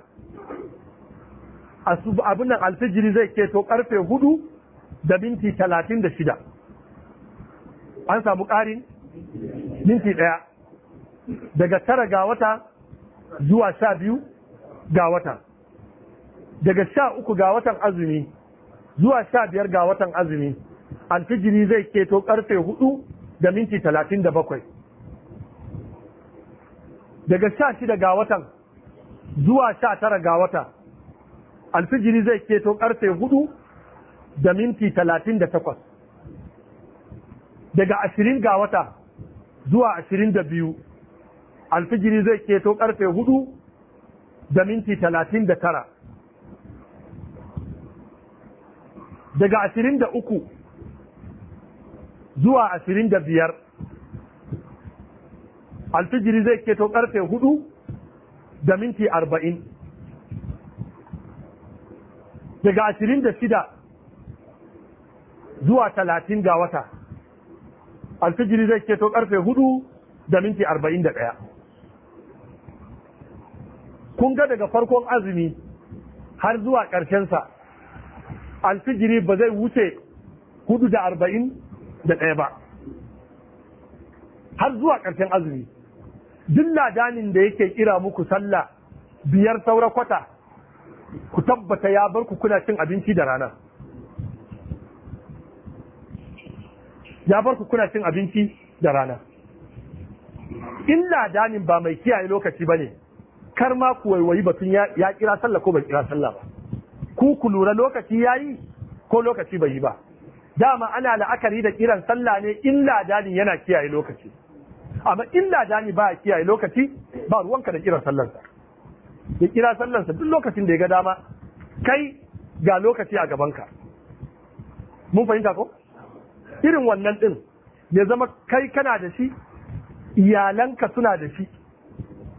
abin nan alfijiri zai keto karfe hudu da minti talatin da shida an samu ƙarin minti ɗaya daga tara ga wata zuwa sha biyu ga wata daga sha uku ga watan azumi zuwa sha biyar ga watan azumi alfijiri zai keto karfe hudu da minti talatin da bakwai daga sha shida ga watan zuwa sha tara ga wata alfijiri zai keto karfe hudu da minti talatin da takwas daga ashirin ga wata zuwa ashirin da biyu alfijiri zai keto karfe hudu da minti talatin da tara daga ashirin da uku zuwa ashirin da biyar alfijiri zai keto karfe hudu da minti arba'in daga ashirin da shida zuwa talatin ga wata alfijiri zai keto karfe hudu da minti arba'in da ɗaya kun ga daga farkon azumi har zuwa ƙarshensa alfijiri ba zai wuce hudu da arba'in da ɗaya ba har zuwa karshen azumi duk ladanin da yake kira muku sallah biyar saura kwata ku tabbata ya bar ku kuna cin abinci da rana ya bar ku kuna cin abinci da rana in ladanin ba mai kiyaye lokaci ba ne kar ma ku waiwayi batun ya kira sallah ko bai kira sallah ba ku ku lura lokaci ya yi ko lokaci bai yi ba dama ana la'akari da kiran sallah ne in ladanin yana kiyaye lokaci amma in ladani ba kiyaye lokaci ba ruwanka da kiran sallarsa ya kira sallansa duk lokacin da ya ga dama kai ga lokaci a gabanka mun fahimta ko irin wannan din ya zama kai kana da shi iyalanka suna da shi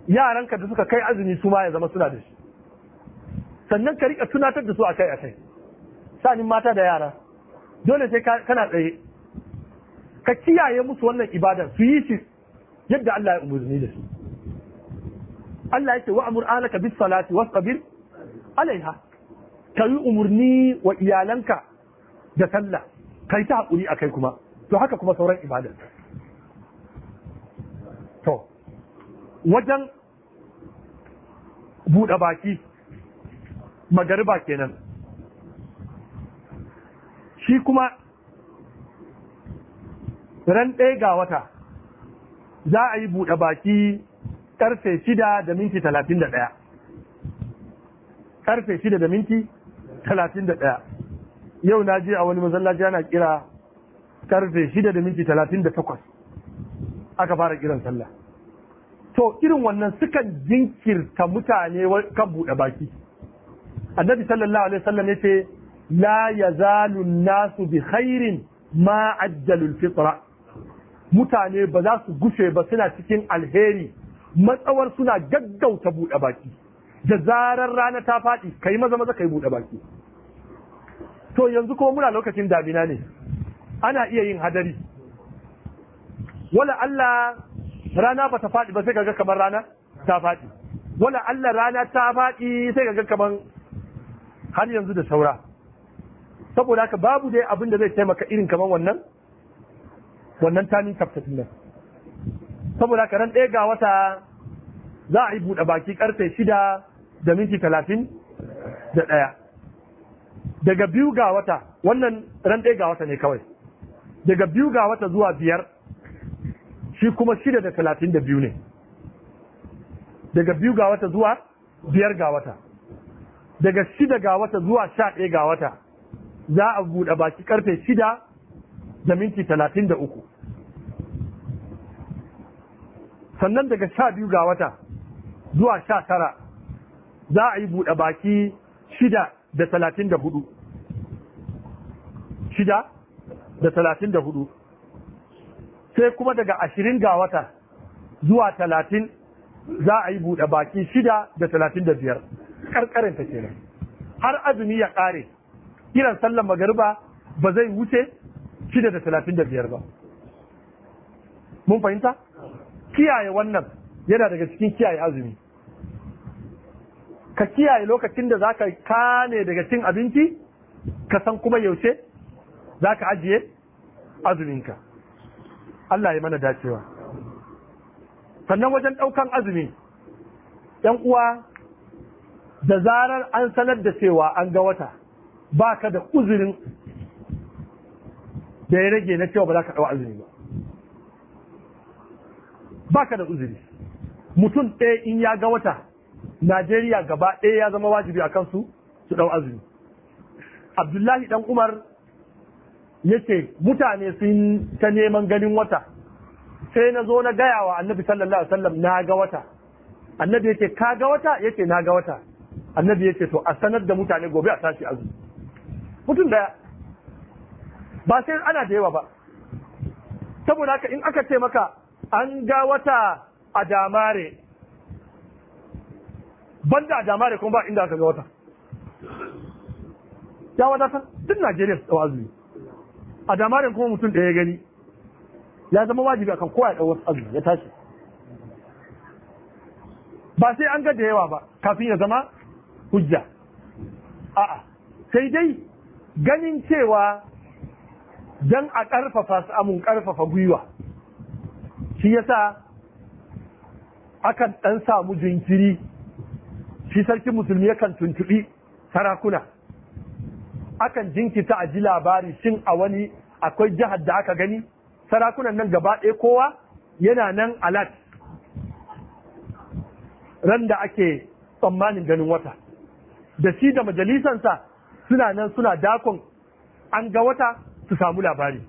yaranka da suka kai azumi su ma ya zama suna da shi sannan ka rika tunatar da su akai akai sanin mata da yara dole sai kana tsaye ka kiyaye musu wannan ibadan su yi shi yadda Allah ya umarni da su Allah yake wa'mur alaka bis salati wasbir alaiha yi umarni wa iyalanka da sallah kai ta hakuri akai kuma to haka kuma sauran ibadar to wajen buɗe baki magariba kenan shi kuma ran ɗaya ga wata za a yi buɗe baki karfe shida da minti talatin da ɗaya karfe shida da minti talatin da ɗaya yau na je a wani masallaci ana kira karfe shida da minti talatin da takwas aka fara kiran sallah to irin wannan sukan jinkirta mutane kan buɗe baki annabi sallallahu alaihi wasallam yace la yazalu nasu bi khairin ma ajjalul fitra mutane ba za su gushe ba suna cikin alheri matsawar suna gaggauta buɗe baki da zarar rana ta faɗi ka yi maza maza ka yi buɗe baki to yanzu kuma muna lokacin damina ne ana iya yin hadari wala Allah rana ba ta faɗi ba sai ga kamar rana ta faɗi wala Allah rana ta faɗi sai ga kamar har yanzu da saura saboda haka babu dai abin da zai taimaka irin kamar wannan wannan tamin tafsirin nan saboda karan ɗaya ga wata za a yi buɗe baki karfe shida da minti talatin da ɗaya daga biyu ga wata wannan ran ɗaya ga wata ne kawai daga biyu ga wata zuwa biyar shi kuma shida da talatin da biyu ne daga biyu ga wata zuwa biyar ga wata daga shida ga wata zuwa sha ɗaya ga wata za a buɗe baki karfe shida da minti talatin da uku sannan daga sha biyu ga wata zuwa sha tara za a yi buɗe baki shida da talatin da hudu shida da talatin da hudu sai kuma daga ashirin ga wata zuwa talatin za a yi buɗe baki shida da talatin da biyar ke kenan har azumi ya ƙare kiran sallan magariba ba zai wuce shida da talatin da biyar ba mun fahimta kiyaye wannan yana daga cikin kiyaye azumi ka kiyaye lokacin da zaka kane daga cin abinci ka san kuma yaushe zaka ajiye azuminka Allah ya mana dacewa sannan wajen ɗaukan azumi ‘yan uwa da zarar an sanar da cewa an ga wata ba ka da uzurin da ya rage na cewa ba za ka ɗau azumi ba baka da uzuri mutum ɗaya in ya ga wata Najeriya gaba ɗaya ya zama wajibi a kansu su ɗau azumi Abdullahi ɗan Umar ce mutane sun ta neman ganin wata sai na zo na gaya wa annabi sallallahu alaihi wasallam na ga wata annabi ce ka ga wata ce na ga wata annabi ce to a sanar da mutane gobe a tashi azumi mutum daya ba sai ana da yawa ba saboda haka in aka ce maka an ga wata a damare banda a damare kuma ba inda aka ga wata ya wadatar duk najeriya su azumi a damare kuma mutum da ya gani ya zama wajibi akan kowa ya wasu azumi ya tashi ba sai an ga da yawa ba kafin ya zama hujja a'a sai dai ganin cewa don a ƙarfafa su amun ƙarfafa gwiwa shi yasa akan ɗan samu jinkiri shi sarki musulmi yakan tuntuɓi sarakuna akan jinkita a ji labari shin a wani akwai jihar da aka gani sarakunan nan gaba ɗaya kowa yana nan alat ran da ake tsammanin ganin wata da shi da majalisansa suna nan suna dakon an ga wata su samu labari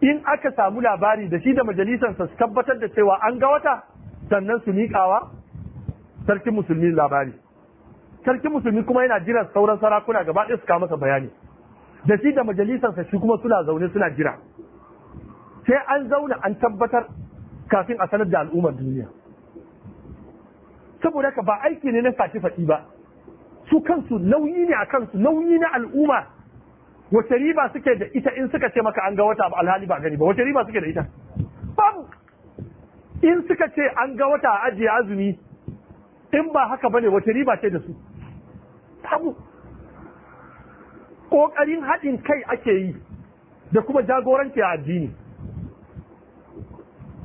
in aka samu labari da shi da majalisansa su tabbatar da cewa an ga wata sannan su miƙawa sarkin musulmi labari sarkin musulmi kuma yana jiran sauran sarakuna gaba ɗaya su kawo masa bayani da shi da sa shi kuma suna zaune suna jira sai an zauna an tabbatar kafin a sanar da al'ummar duniya saboda ka ba aiki ne na faɗi faɗi ba su kansu nauyi ne a kansu nauyi na al'umma wace riba suke da ita in suka ce maka an ga wata alhali ba gani ba wace riba suke da ita babu in suka ce an ga wata ajiye azumi in ba haka bane wace riba ce da su babu ƙoƙarin haɗin kai ake yi da kuma jagoranci a addini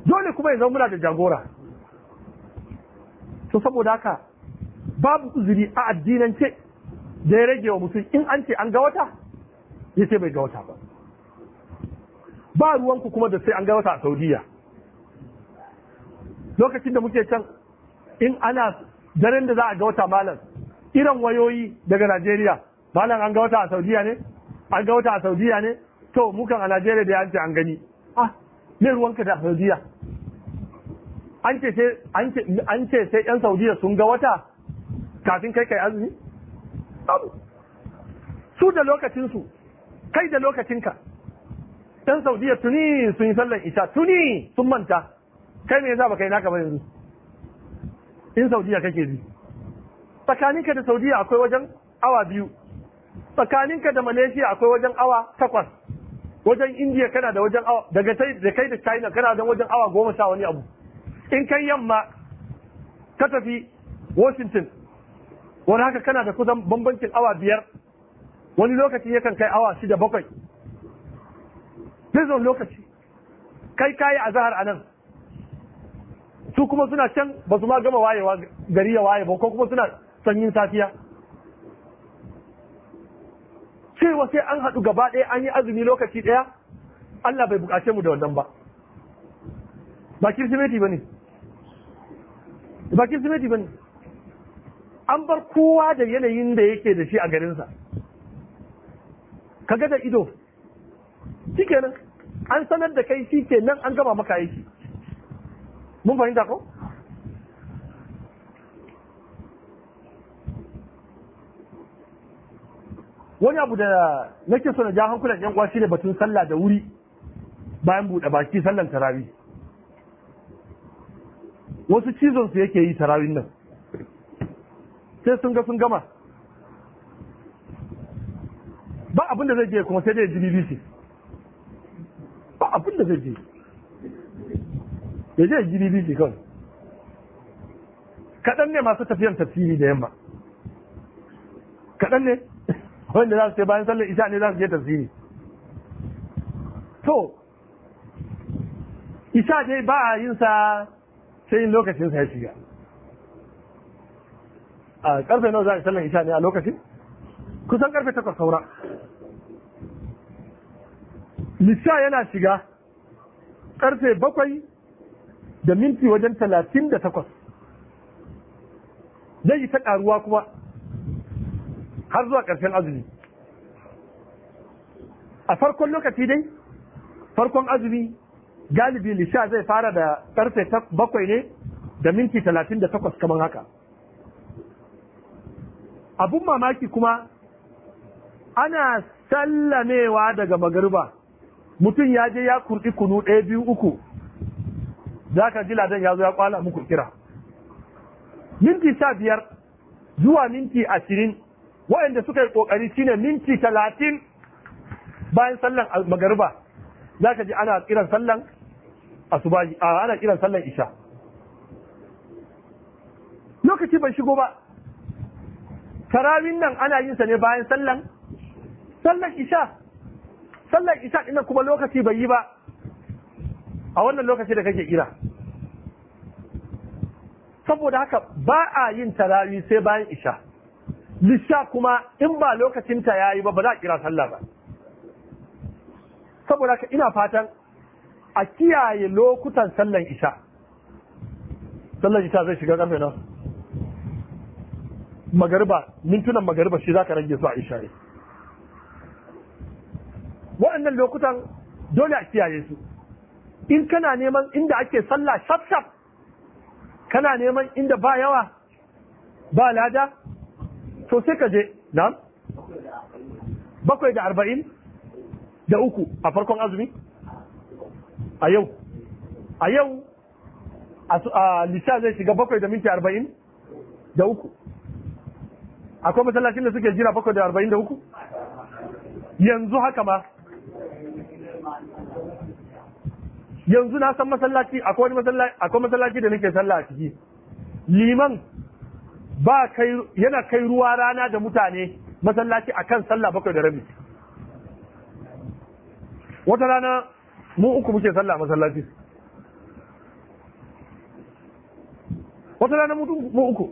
dole kuma ya zama muna da jagora to saboda haka babu uzuri a addinance da ya rage wa mutum in an ce an ga wata ya ce bai ga wata ba ba ruwanku kuma da sai an ga wata a saudiya lokacin da muke can in ana daren da za a ga wata malam irin wayoyi daga najeriya malam an ga wata a saudiya ne an ga wata a saudiya ne to mukan a najeriya da ya ce an gani ah me ruwanka da saudiya an ce sai yan saudiya sun ga wata kafin kai kai azumi su da lokacinsu kai da lokacinka ɗan saudiya tuni sun yi sallan isha tuni sun manta kai me yasa baka yi naka ba yanzu in saudiya kake bi tsakaninka da saudiya akwai wajen awa biyu tsakaninka da malaysia akwai wajen awa takwas wajen indiya kana da wajen awa daga da kai da china kana da wajen awa goma sha wani abu in kai yamma ka tafi washington wani haka kana da kusan bambancin awa biyar wani lokaci yakan kai awa shida bakwai bizon lokaci kai kayi a zahar anan su kuma suna can ba su ma gama wayewa gari ya waye ba ko kuma suna sanyin safiya cewa sai an haɗu gaba ɗaya an yi azumi lokaci ɗaya Allah bai buƙace mu da wannan ba ba kirsimeti ba ne ba kirsimeti ba ne an bar kowa da yanayin da yake da shi a garinsa ka ga da ido shikenan an sanar da kai nan an gama maka aiki mun fahimta ko wani abu da nake so na ja hankulan yan uwa shine batun sallah da wuri bayan buɗe baki sallan tarawi wasu cizon su yake yi tarawin nan sai sun ga sun gama ba abin da zai je kuma sai dai ji BBC ba abin da zai je ya je ji BBC kawai kaɗan ne masu tafiyan tafsiri da yamma kaɗan ne *laughs* wanda za su sai bayan sallar isha ne za su je tafsiri to isha dai ba a yin sa sai yin lokacin sa ya shiga a karfe nawa za a yi sallar isha ne a lokacin kusan karfe takwas saura nisha yana shiga karfe bakwai da minti wajen talatin da takwas zai yi ta karuwa kuma har zuwa ƙarshen azumi a farkon lokaci dai farkon azumi galibi nisha zai fara da karfe bakwai ne da minti talatin da takwas kamar haka abun mamaki kuma ana sallamewa daga magariba mutum ya je ya kurɗi kunu ɗaya biyu uku za ka ji ladan ya zo ya kwala muku kira minti sha biyar zuwa minti ashirin waɗanda suka yi ƙoƙari shine minti talatin bayan sallan magariba za ka ji ana kiran sallan asubahi ana kiran sallan isha lokaci bai shigo ba tarawin nan ana yin sa ne bayan sallan sallan isha sallar isa ɗin kuma lokaci bai yi ba a wannan lokaci da kake kira saboda haka ba a yin tarawih sai bayan isha lisha kuma in ba lokacin ta yayi ba ba za a kira sallah ba saboda haka ina fatan a kiyaye lokutan sallan isha sallan isha zai shiga karfe nan magariba mintunan magariba shi za ka rage su a isha waɗannan lokutan dole a kiyaye su in kana neman inda ake sallah shaf shaf kana neman inda ba yawa ba lada to sai ka je na bakwai da arba'in da uku a farkon azumi a yau a yau a lissa zai shiga bakwai da minti arba'in da uku akwai masallacin da suke jira bakwai da arba'in da uku yanzu haka ma yanzu na san masallaci akwai masallaci akwai masallaci da nake sallah a ciki liman ba kai yana kai ruwa rana da mutane masallaci akan sallah bakwai da rabi wata rana mu uku muke sallah masallaci wata rana mu uku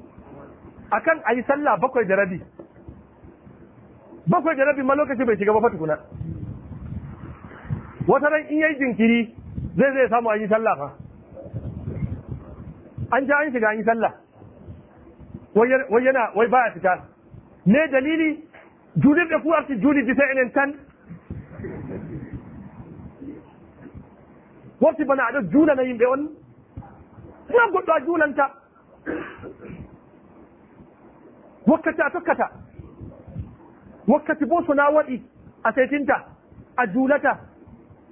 akan ayi sallah bakwai da rabi bakwai da rabi ma lokaci bai shiga ba fatukuna wata ran in yayi jinkiri zai zai samu an yi sallah fa an ja an shiga an yi sallah wai yana wai baya fita ne dalili julib da kuwar ci julib bisa inen tan wasi bana ado jula na yimɓe on na goɗɗo a julanta wakkati a tokkata wakkati bo na waɗi a setinta a julata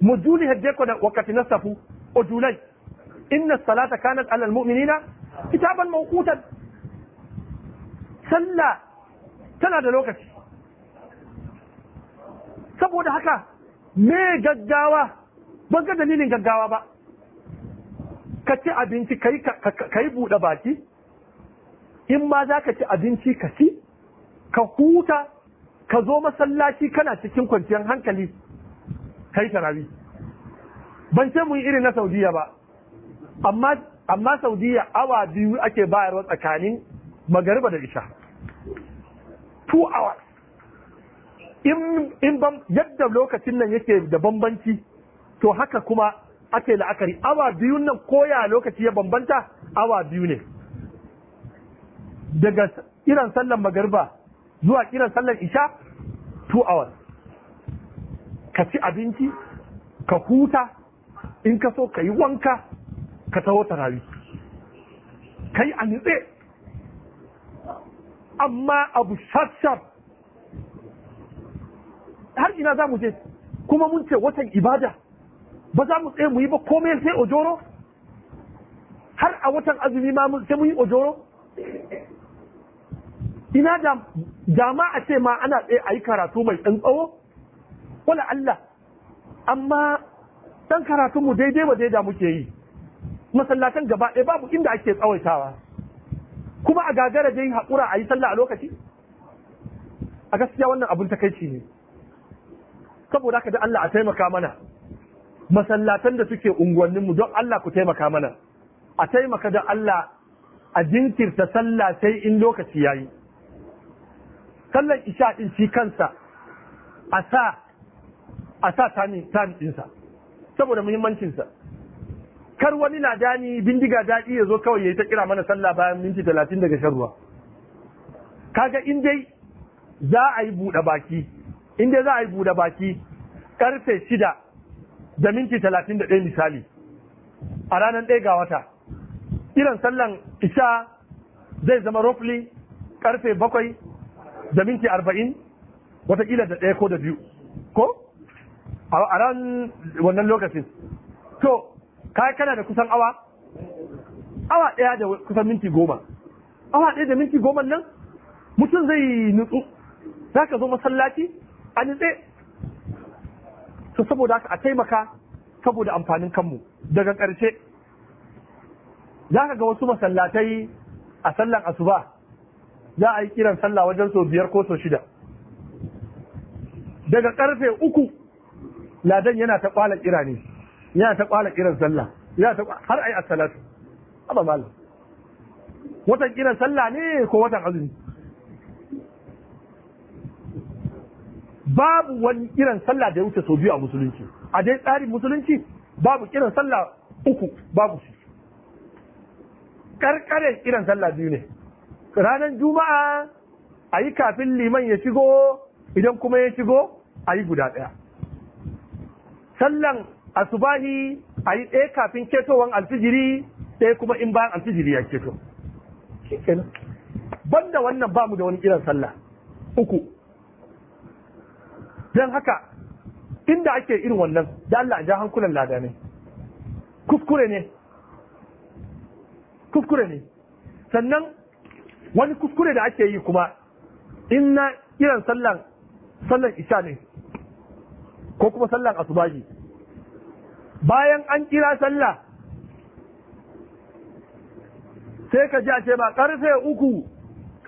mujuli hajje ko da wakati nasafu ojulai inna salata kanat alal mu'minina kitaban mawqutan sallah tana da lokaci saboda haka me gaggawa ban ga dalilin gaggawa ba ka ci abinci ka yi buɗe baki in ma za ka ci abinci ka ci ka huta ka zo masallaci kana cikin kwanciyar hankali kai tarawi ban ce mu irin na saudiya ba amma amma saudiya awa biyu ake bayarwa tsakanin magariba da isha two hours in yadda lokacin nan yake da bambanci to haka kuma ake la'akari awa biyu nan koya lokaci ya bambanta awa biyu ne daga irin sallan magariba zuwa irin sallan isha two hours ka ci abinci ka huta in ka so ka yi wanka ka taho tarawi ka yi a amma abu shashar har ina za mu je kuma mun ce watan ibada ba za mu tsaye mu yi ba komai sai ojoro har a watan azumi ma sai mu yi ojoro ina da dama a ce ma ana tsaye a yi karatu mai ɗan tsawo wala Allah amma dan karatun mu daidai ba daidai muke yi masallatan gaba ɗaya babu inda ake tsawaitawa kuma a gagara dai haƙura a yi sallah a lokaci a gaskiya wannan abin takaici ne saboda haka da Allah a taimaka mana masallatan da suke mu don Allah ku taimaka mana a taimaka da Allah a jinkirta sallah sai in lokaci yayi yi sallan isha din shi kansa a sa a sa sami tam ɗinsa saboda muhimmancinsa kar wani na dani bindiga daɗi ya zo kawai ya yi ta kira mana sallah bayan minti talatin daga shan ruwa kaga in dai za a yi buɗe baki in dai za a yi buɗe baki ƙarfe shida da minti talatin da ɗaya misali a ranar ɗaya ga wata irin sallan isa zai zama roughly ƙarfe bakwai da minti arba'in watakila da ɗaya ko da biyu ko a ran wannan lokacin to kai kana da kusan awa awa ɗaya da kusan minti goma awa ɗaya da minti goma nan mutum zai nutsu za ka zo masallaci a nutse to saboda haka a taimaka saboda amfanin kanmu daga ƙarshe za ka ga wasu masallatai a sallan asuba za a yi kiran sallah wajen sau biyar ko sau shida daga ƙarfe uku ladan yana ta kwala kira ne yana ta kwala kiran sallah yana ta har ai as-salatu aba mal watan kiran sallah ne ko watan azumi babu wani kiran sallah da ya wuce sau biyu a musulunci a dai tsarin musulunci babu kiran sallah uku babu shi karkare kiran sallah biyu ne ranar juma'a a yi kafin liman ya shigo idan kuma ya shigo a yi guda ɗaya sallan asubahi a yi ɗaya kafin ketowar alfijiri ɗaya kuma in bayan alfijiri ya keto banda wannan ba mu da wani irin sallah uku don haka inda ake irin wannan da Allah a ja hankulan lada ne kuskure ne kuskure ne sannan wani kuskure da ake yi kuma in na irin sallan sallan isha ne ko kuma sallan asubahi bayan an kira sallah sai ka ji a ce ba karfe uku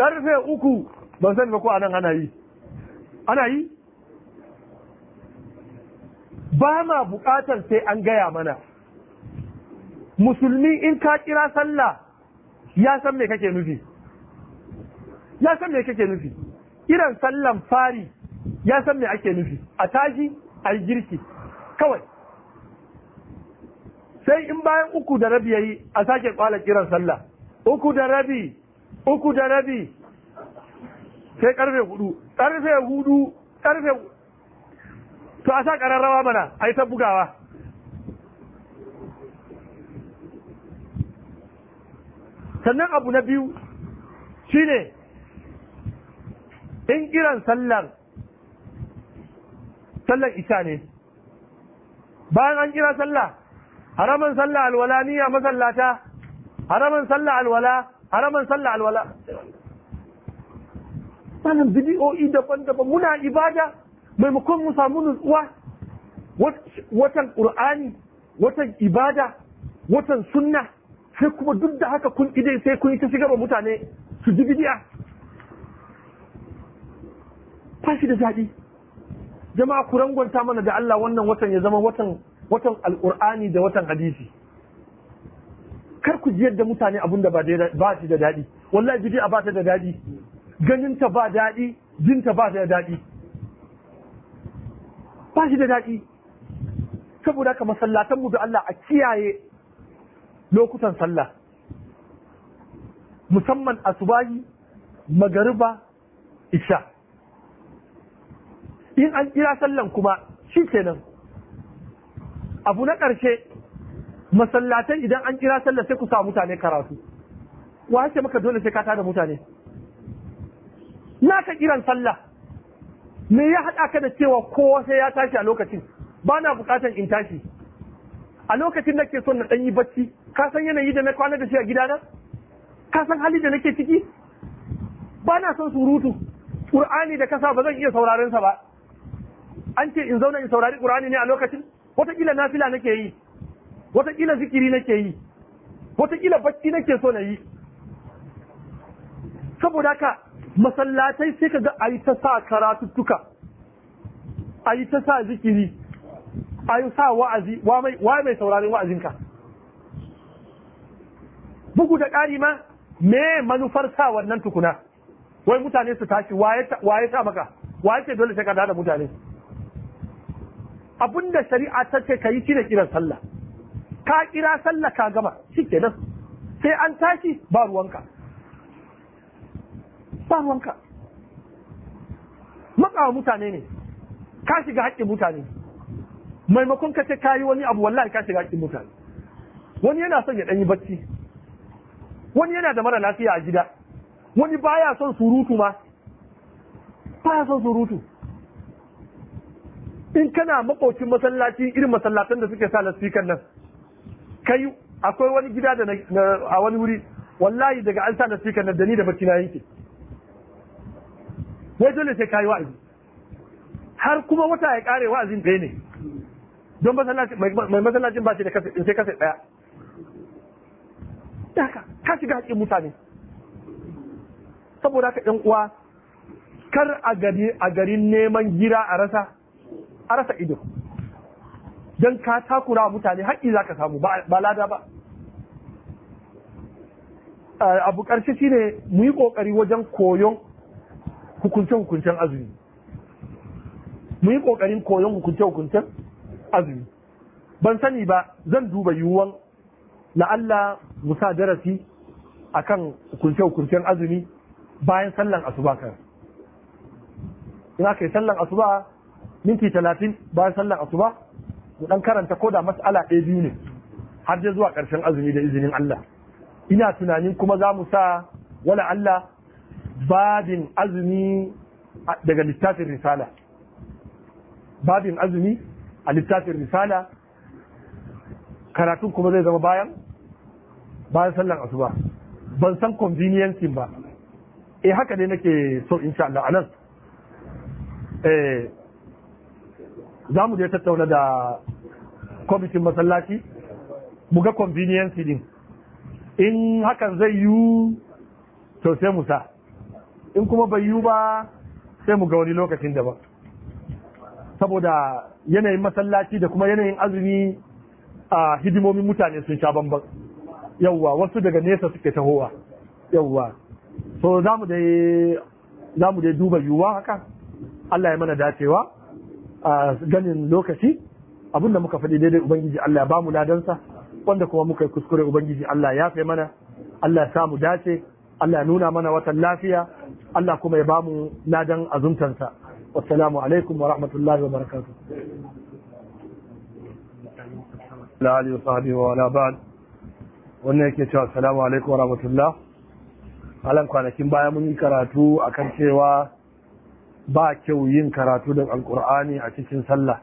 karfe uku ban sani ba ko anan ana yi ana yi ba ma bukatar sai an gaya mana musulmi in ka kira sallah ya san me kake nufi ya san me kake nufi irin sallan fari ya san me ake nufi a taji? a yi girki kawai sai in bayan uku da rabi yayi a sake kwala kiran sallah uku da rabi uku da rabi sai karfe hudu karfe hudu karfe to a sa kararrawa mana a yi ta bugawa sannan abu na biyu shine in kiran sallar sallar isa ne bayan an kira sallah haraman sallah alwala niyya masallata haraman sallah alwala haraman sallah alwala sanin bidiyoyi daban-daban muna ibada maimakon mu samu nutsuwa watan ƙur'ani watan ibada watan sunna sai kuma duk da haka kun idai sai kun yi ta shigar mutane su ji bidiya fashi da zaɓi jama'a ku rangwanta mana da Allah wannan watan ya zama watan watan alqur'ani da watan hadisi kar ku jiyar da mutane abin da ba shi da daɗi wallahi a ba ta da daɗi ganin ta ba daɗi jin ta ba da daɗi ba shi da daɗi saboda haka masallatan mu da Allah a kiyaye lokutan sallah musamman asubahi magariba isha in an kira sallan kuma shi kenan abu na ƙarshe masallatai idan an kira sallar sai ku sa mutane karatu wa ce maka dole sai ka tada mutane na ka kiran sallah me ya haɗa ka da cewa kowa sai ya tashi a lokacin ba na buƙatar in tashi a lokacin nake son na ɗanyi bacci ka san yanayi da na kwana da shi a gidana ka san hali da nake ciki ba na son surutu ƙur'ani da kasa ba zan iya sauraron sa ba an ce in zauna in saurari qur'ani ne a lokacin wataƙila nafila nake yi wataƙila zikiri nake yi wataƙila bacci nake so na yi saboda haka masallatai sai ka ga a yi ta sa karatuttuka a yi ta sa zikiri a yi sa wa'azi wa mai saurarin wa'azinka bugu da ƙari ma me manufar sa wannan tukuna wai mutane su tashi ya sa maka ya ce dole sai ka da mutane abinda shari'a ta ce ka yi shi da kiran sallah ka kira sallah ka gama shi kenan sai an tashi ba ruwanka ba ruwanka matsawa mutane ne ka shiga haƙƙin mutane maimakon ka ce ka yi wani abu wallahi ka shiga haƙƙin mutane wani yana son ya ɗanyi bacci wani yana da mara lafiya a gida wani baya son surutu ma baya son surutu in kana makocin masallaci irin masallatan da suke sa lasfikan nan kai akwai wani gida da a wani wuri wallahi daga an sa lasfikan nan da ni da barci na yanke wai dole sai kai wa'azi har kuma wata ya kare wa'azin dai ne don mai masallacin ba shi da sai kasa ɗaya daka ka shiga haƙƙin mutane saboda ka ɗan uwa kar a garin neman gira a rasa a rasa ido don ka takura mutane haƙƙi za ka samu ba lada ba abu ƙarshe shine mu yi ƙoƙari wajen koyon hukunce-hukuncen azumi mu yi ƙoƙarin koyon hukunce-hukuncen azumi ban sani ba zan duba yiwuwan la'alla mu sa darasi akan hukunce-hukuncen azumi bayan sallan asuba kan in aka yi sallan asuba minti talatin bayan sallar asuba mu dan karanta ko da mas'ala ɗaya biyu ne har dai zuwa ƙarshen azumi da izinin Allah ina tunanin kuma za mu sa wala Allah babin azumi daga littafin risala babin azumi a littafin risala karatun kuma zai zama bayan bayan sallar asuba ban san convenience ba eh haka dai nake so insha Allah anan eh za mu je tattauna da kwamitin masallaci mu ga convenience din in hakan zai yiwu to sai mu sa in kuma bai yiwu ba sai mu ga wani lokacin da ba saboda yanayin masallaci da kuma yanayin azumi a hidimomin mutane sun sha bambam yawwa wasu daga nesa suke tahowa yawwa so za mu dai duba yiwuwa haka Allah ya mana dacewa a ganin lokaci abinda muka faɗi daidai ubangiji Allah ya bamu ladansa wanda kuma muka yi kuskure ubangiji Allah ya fe mana Allah ya samu dace Allah ya nuna mana watan lafiya Allah kuma ya bamu ladan azumtansa wassalamu alaikum wa rahmatullahi wa barakatuh ala alihi wa sahbihi wa ala ba'd wannan yake cewa assalamu alaikum wa rahmatullah alan kwanakin baya mun yi karatu akan cewa ba kyau yin karatu da alkur'ani a cikin sallah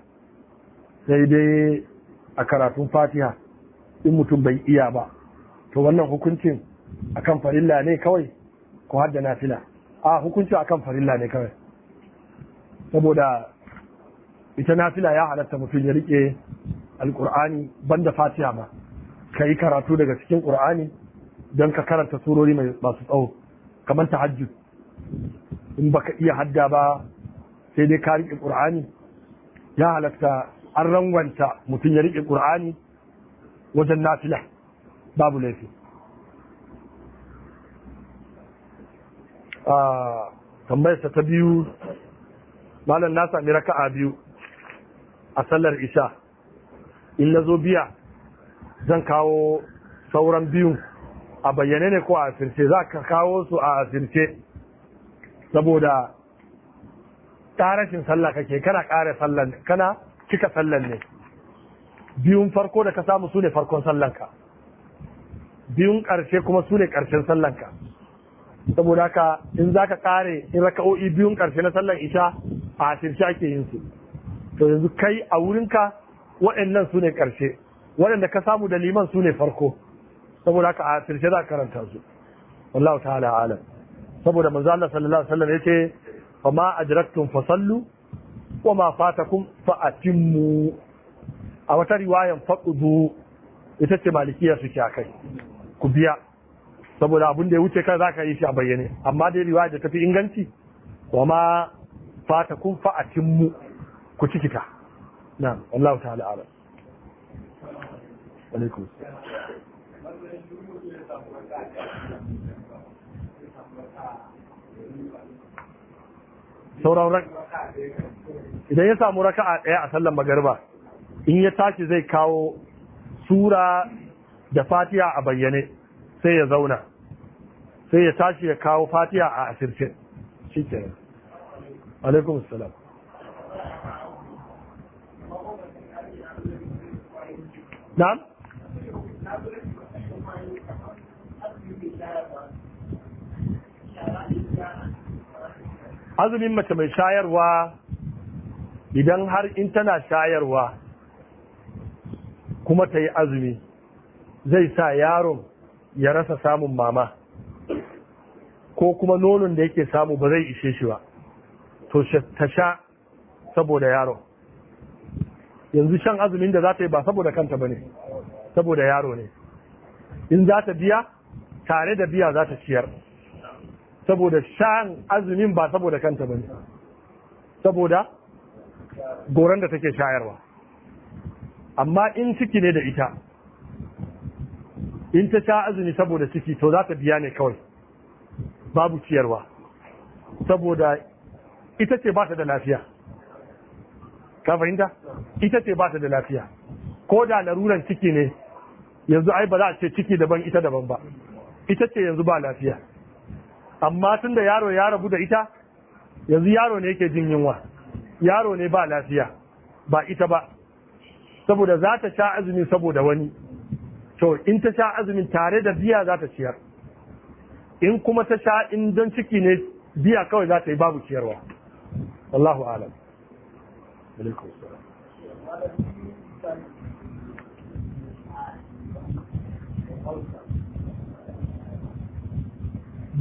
sai dai a karatun fatiha in mutum bai iya ba to wannan hukuncin akan farilla ne kawai ko hadda nafila a hukuncin akan farilla ne kawai saboda ita nafila ya halatta mutum ya rike alkur'ani banda fatiha ba ka yi karatu daga cikin ƙur'ani don ka karanta surori masu tsawo kamar tahajjud in baka iya hadda ba sai dai ka riƙe ƙur'ani ya halatta an rangwanta mutum ya riƙe ƙur'ani wajen nafila babu laifi a ah, tambayarsa ta biyu malam na sami a biyu a sallar isha in na zo biya zan kawo sauran biyun a bayyane ne ko a asirce za ka kawo su a asirce saboda ƙarashin sallah kake kana ƙara sallan kana cika sallan ne biyun farko da ka samu su ne farkon sallanka biyun ƙarshe kuma su ne ƙarshen sallanka saboda haka in za ka ƙare in raka'o'i biyun ƙarshe na sallan isha a asirce ake yin su to yanzu kai a wurinka waɗannan su ne ƙarshe waɗanda ka samu da liman su ne farko saboda haka a asirce za ka karanta su wallahu ta'ala alam saboda manzo Allah sallallahu alaihi wasallam yace fa ma ajraktum fa sallu wa ma fatakum fa atimmu a wata riwayan faqudu ita ce malikiya suke akai ku biya saboda abin da ya wuce kan zaka yi shi a bayyane amma dai riwaya ta tafi inganci wa ma fatakum fa atimmu ku cikita na'am Allah ta'ala alaikum sauran idan ya samu raka'a ɗaya a sallar magarba in ya tashi zai kawo sura da fatiha a bayyane sai ya zauna sai ya tashi ya kawo fatiha a asirce shi ke alaikum salam na'am azumin mace mai shayarwa idan har in tana shayarwa kuma ta yi azumi zai sa yaron ya rasa samun mama ko kuma nonon da yake samu ba zai ishe shi ba to ta sha saboda yaro yanzu shan azumin da za ta yi ba saboda kanta ba ne saboda yaro ne in za ta biya tare da biya za ta ciyar saboda sha'an azumin ba saboda kanta ba saboda goron da take shayarwa amma in ciki ne da ita in ta sha azumi saboda ciki to za ta biya ne kawai babu ciyarwa saboda ita ce ba ta da lafiya ka fahimta ita ce ba ta da lafiya ko da laruran ciki ne yanzu ai ba za a ce ciki daban ita daban ba ita ce yanzu ba lafiya amma tun da yaro ya rabu da ita yanzu yaro ne yake jin yunwa yaro ne ba lafiya ba ita ba saboda za ta sha azumi saboda wani to in ta sha azumin tare da biya za ta ciyar in kuma ta sha in don ciki ne biya kawai za ta yi babu ciyarwa wallahu alam alaikum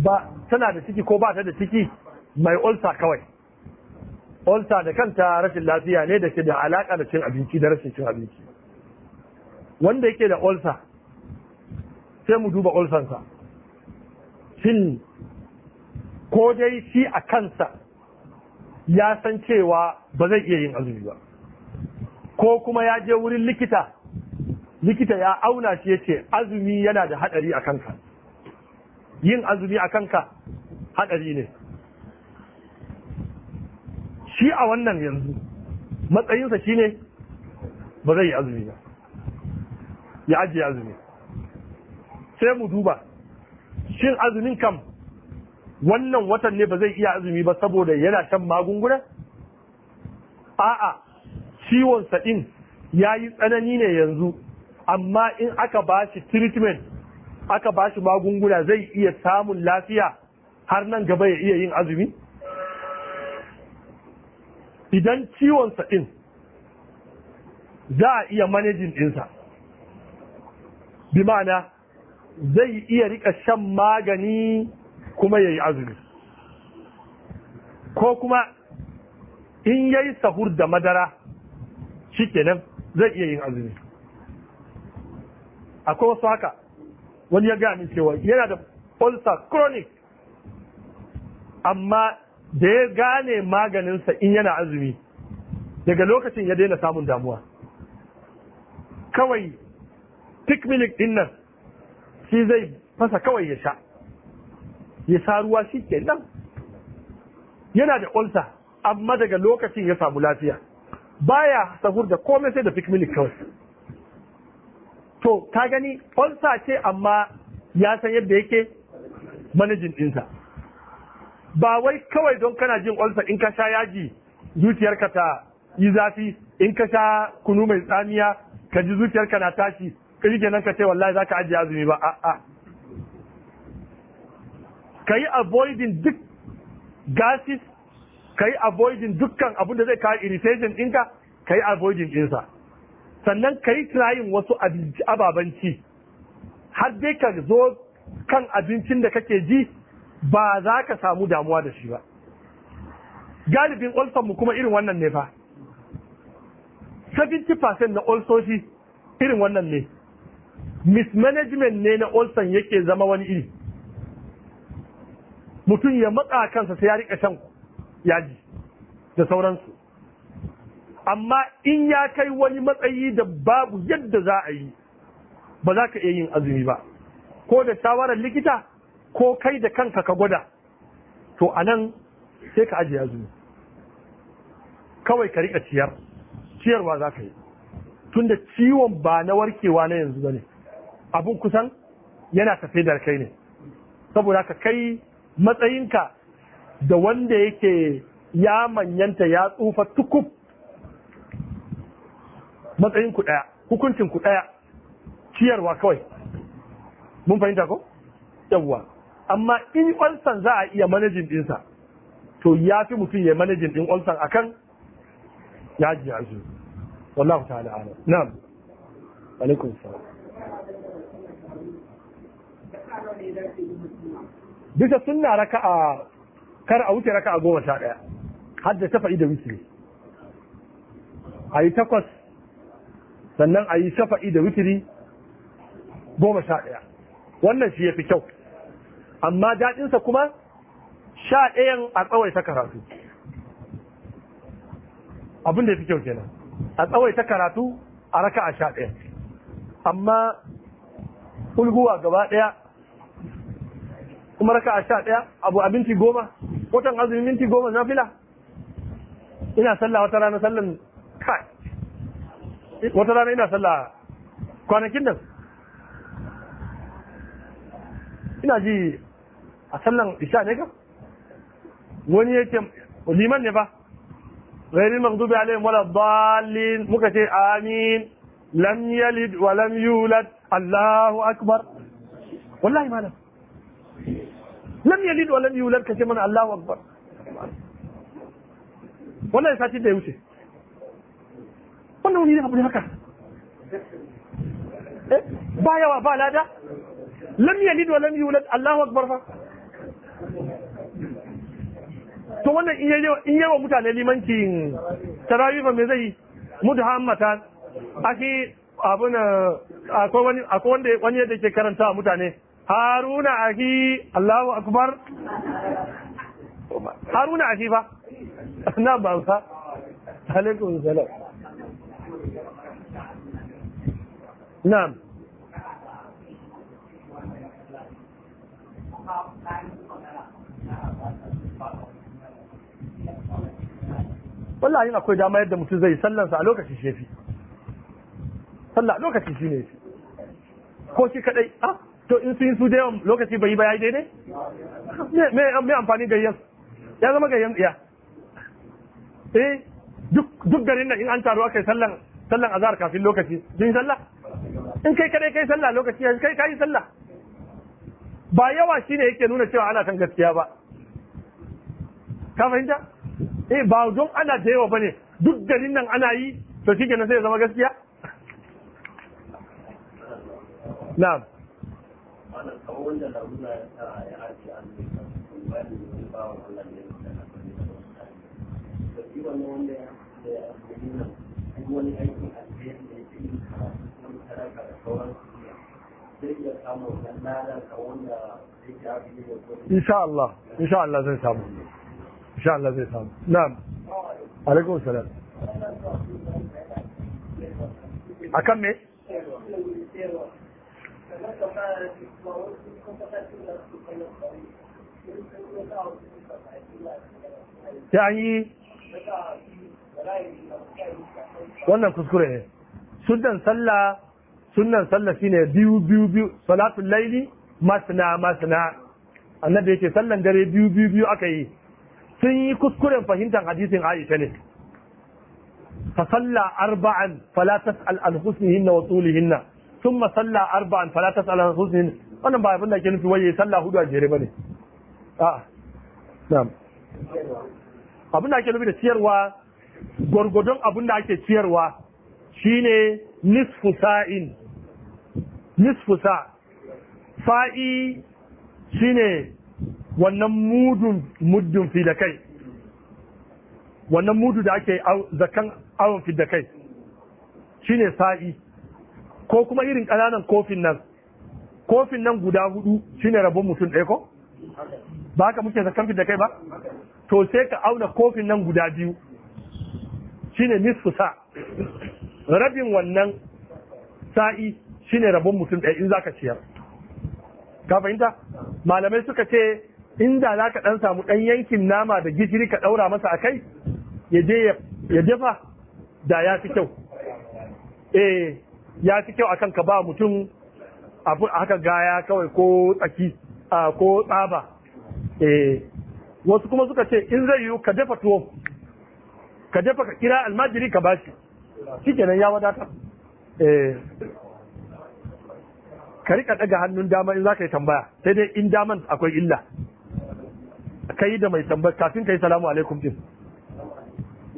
ba tana da ciki ko ba ta da ciki mai ulsa kawai ulsa da kanta rashin lafiya ne da ke da alaka da cin abinci da rashin cin abinci wanda yake da ulsa sai mu duba ulsansa shin ko dai shi a kansa ya san cewa ba zai iya yin azumi ba ko kuma ya je wurin likita likita ya auna shi ya ce azumi yana da haɗari a kanka yin azumi a kanka haɗari ne shi a wannan yanzu matsayinsa shi ne ba zai yi azumi ba ya ajiye azumi sai mu duba shin azumin kam wannan watan ne ba zai iya azumi ba saboda yana shan magunguna a'a ciwon ɗin ya yi tsanani ne yanzu amma in aka ba shi treatment aka ba shi magunguna zai iya samun lafiya har nan gaba ya iya yin azumi idan ciwonsa ɗin za a iya manajin ɗinsa bi ma'ana zai iya rika shan magani kuma ya yi azumi ko kuma in ya yi sahur da madara shi kenan zai iya yin azumi akwai wasu haka wani ya gani cewa yana da ulcer chronic amma da ya gane maganinsa in yana azumi daga lokacin ya daina samun damuwa kawai tik milik din nan shi zai fasa kawai ya sha ya sa ruwa shi ke nan yana da ulcer amma daga lokacin ya samu lafiya baya sahur da komai sai da tik milik kawai to ka gani ulcer ce amma ya san yadda yake manajin dinsa ba wai kawai don kana jin ulcer in ka sha yaji zuciyarka ta yi zafi in ka sha kunu mai tsamiya ka ji zuciyarka na tashi ka ji kenan ka ce wallahi zaka ajiye azumi ba a'a ka yi avoiding duk gases ka yi avoiding dukkan abin zai kawo irritation dinka ka yi avoidin ɗinsa sannan ka yi kirayin wasu abinci, ababanci, har dai ka zo kan abincin da kake ji ba za ka samu damuwa da shi ba galibin olson kuma irin wannan ne fa 70% na olsoshi irin wannan ne mismanagement ne na olson yake zama wani iri mutum ya matsa kansa sai ya rika shan yaji da sauransu amma in ya kai wani matsayi da babu yadda za a yi ba za ka iya yin azumi ba ko da shawarar likita ko kai da kanka ka gwada to a nan sai ka ajiye azumi kawai ka riƙa ciyar ciyarwa za ka yi tunda ciwon ba na warkewa na yanzu ba ne abin kusan yana tafe da kai ne saboda ka kai matsayinka da wanda yake ya manyanta ya tsufa tukub matsayin ku daya hukuncin ku daya ciyarwa kawai mun fahimta ko yawwa amma in olsan za a iya manajin dinsa to ya fi mutum ya manajin din olsan akan ya ji ya wallahu ta'ala ala na'am alaikum salam bisa sunna raka'a kar a wuce raka'a goma sha ɗaya. hadda ta fa'i da wisri a yi takwas sannan a yi safa'i da witiri goma sha ɗaya wannan shi ya fi kyau amma daɗinsa kuma sha ɗayan a tsawaita karatu abin da ya fi kyau kenan a tsawaita karatu a raka a sha ɗaya amma ulguwa gaba ɗaya kuma raka a sha ɗaya abu a minti goma watan azumin minti goma na fila ina sallah wata rana sallan kai wata rana ina sallah kwanakin nan ina ji a sallan isha ne ka wani yake ce liman ne ba ghairi maghdubi alayhim wala dallin muka ce amin lam yalid wa lam yulad allahu akbar wallahi malam lam yalid wa lam yulad kace mana allahu akbar wallahi sati da wuce wannan wani abu ne haka eh, ba yawa ba lada lam yalid wa lam yulad Allahu akbar fa to wannan in yawa mutane limancin tarawih fa me zai yi mudhammatan ashi abun eh, akwai wani akwai wanda wani yadda ke karanta mutane haruna aki. Allahu akbar haruna aki fa *laughs* na ba alaikum salam na'am wallahi akwai dama yadda mutum zai sallansa a lokacin shefi sallah a shi ne ko shi kadai ah to in su yi su da yawan lokaci bai yi ba yayi daidai me amfani gayyan ya zama gayyan tsiya eh duk garin nan in an taro aka yi sallan azahar kafin lokaci sun yi sallah in kai kadai kai sallah lokaci yanzu kai kai sallah ba yawa shine yake nuna cewa ana kan gaskiya ba ka fahimta eh ba don ana da yawa bane duk garin nan ana yi to shi kenan sai zama gaskiya na'am wanda sadaka wannan Allah insha Allah zai samu insha Allah zai samu na'am alaikum salam me wannan kuskure ne sudan sallah sunnan sallah shine biyu biyu biyu salatul laili masna masna annabi yake sallan dare biyu biyu biyu aka yi sun yi kuskuren fahimtar hadisin Aisha ne fa salla arba'an fala tas'al an husnihinna wa tulihinna thumma salla arba'an fala tas'al al husnihinna wannan ba abin da ke nufi waye salla hudu a jere bane a'a ah, na'am abin da ake nufi da ciyarwa gwargwadon abin da ake ciyarwa shine nisfu sa'in nisfu sa sa'i shine wannan mudun muddun fi da kai wannan mudu da ake zakan awon fi da kai shine sa'i ko kuma irin ƙananan kofin nan kofin nan guda hudu shine rabon mutum ɗaya ko ba ka muke zakan fi da kai ba to sai ka auna kofin nan guda biyu shine nisfu sa rabin wannan sa'i shine rabon mutum ɗaya in za ka ciyar ka fahimta malamai suka ce inda za ka ɗan samu ɗan yankin nama da gishiri ka ɗaura masa a kai ya jefa da ya fi kyau eh ya fi kyau akan ka ba mutum haka gaya kawai ko tsaki ko tsaba eh wasu kuma suka ce in zai yiwu ka dafa tuwo ka dafa ka kira almajiri ka ba shi kenan ya wadatar eh ka rika daga hannun dama in za ka yi tambaya sai dai in daman akwai illa ka yi da mai tambaya kafin ka yi salamu alaikum din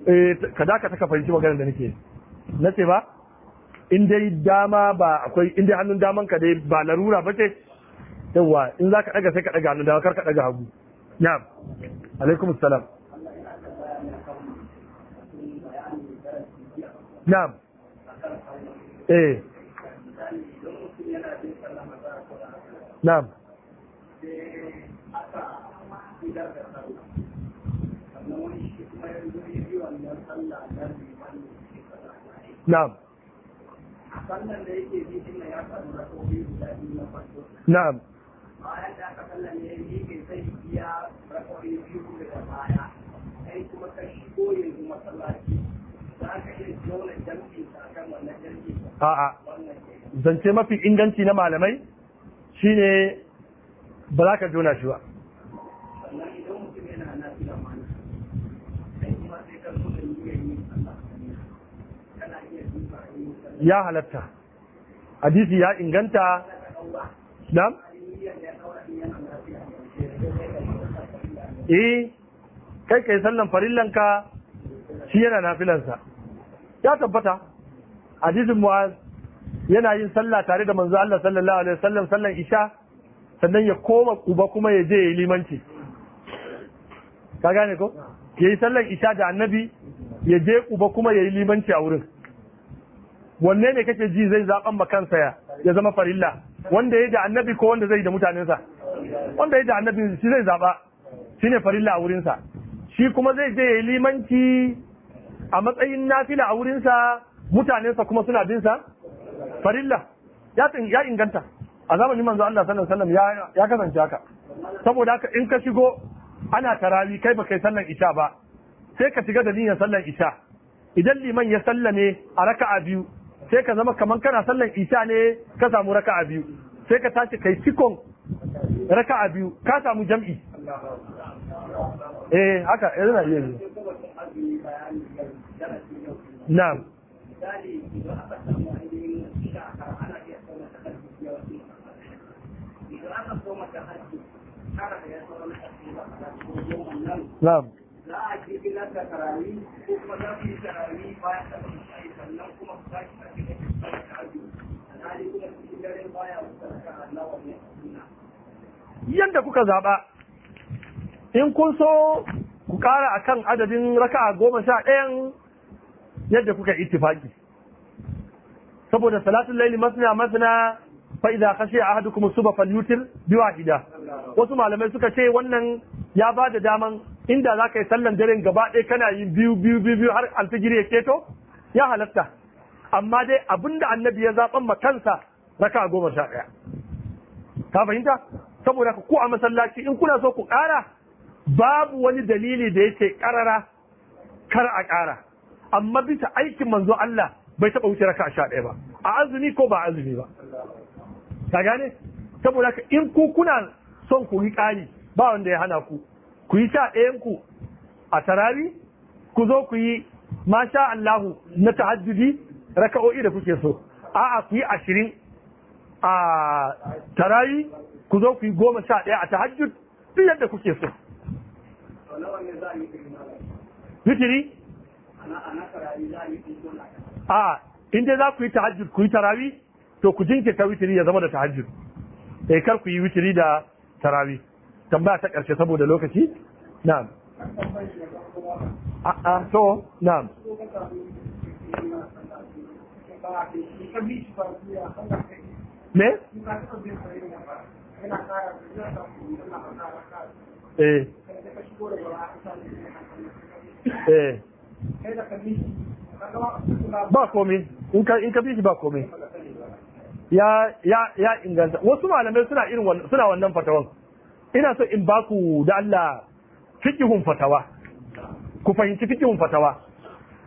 eh, ka da ka taka fahimci maganar da nake na ce ba in dai dama ba akwai in dai hannun daman ka dai ba larura ba ce yawa in za ka daga sai ka daga hannun dama kar ka daga hagu na'am alaikum salam na'am eh na'am na'am نعم a zance mafi inganci na malamai shine ba za ka jona shi ba ya halatta hadisi ya inganta dam eh kai kai sallan farillanka shi yana nafilansa ya tabbata hadisin mu'az yana yin sallah tare da manzo Allah sallallahu alaihi wasallam sallan isha sannan ya koma kuba kuma ya je yayi limanci ka gane ko yayi sallan isha da annabi ya je kuba kuma yayi limanci a wurin wanne ne kake ji zai zaban ba kansa ya ya zama farilla wanda ya da annabi ko wanda zai da mutanensa wanda ya da annabi shi zai zaba shine farilla a wurinsa shi kuma zai je yayi limanci a matsayin nafila a wurinsa mutanensa kuma suna bin sa farilla ya inganta a zamanin manzo Allah sallallahu alaihi wasallam ya kasance haka saboda haka in ka shigo ana tarawi kai baka kai sallan isha ba sai ka shiga da niyyar sallan isha idan liman ya sallame a raka'a biyu sai ka zama kaman kana sallan isha ne ka samu raka'a biyu sai ka tashi kai cikon raka'a biyu ka samu jam'i eh haka eh, yanzu na yi na'am yadda kuka zaɓa in kun so ku ƙara a kan adadin raka'a goma sha ɗayan yadda kuka ittifaki saboda salatun laili masana masana fa idza khashiya ahadukum subha falyutir biwahida wasu malamai suka ce wannan ya bada dama inda za ka yi sallan daren gaba ɗaya kana yin biyu biyu biyu biyu har alfijiri ya keto ya halatta amma dai abinda annabi ya zaɓan ma kansa raka goma sha ɗaya ka fahimta saboda ku a masallaci in kuna so ku ƙara babu wani dalili da yake ƙarara kar a ƙara amma bisa aikin manzo Allah bai taɓa wuce raka sha ɗaya ba a azumi ko ba azumi ba ka gane saboda ka in ku kuna son ku yi kari ba wanda ya hana ku ku yi sha ɗayan ku a sarari ku zo ku yi masha Allahu na tahajjudi raka'o'i da kuke so a'a ku yi ashirin a tarayi ku zo ku yi goma sha ɗaya a tahajjud duk yadda kuke so Fitiri a inda za ku yi tahajjud ku yi tarawi to ku jinkirta witiri ya zama da tahajjud eh kar ku yi witiri da tarawi tambaya ta karshe saboda lokaci na'am a a to na'am me eh eh ba komi in ka bi shi ba komi ya ya ya inganta wasu malamai suna irin suna wannan fatawan ina so in baku da Allah fiqhun fatawa ku fahimci fiqhun fatawa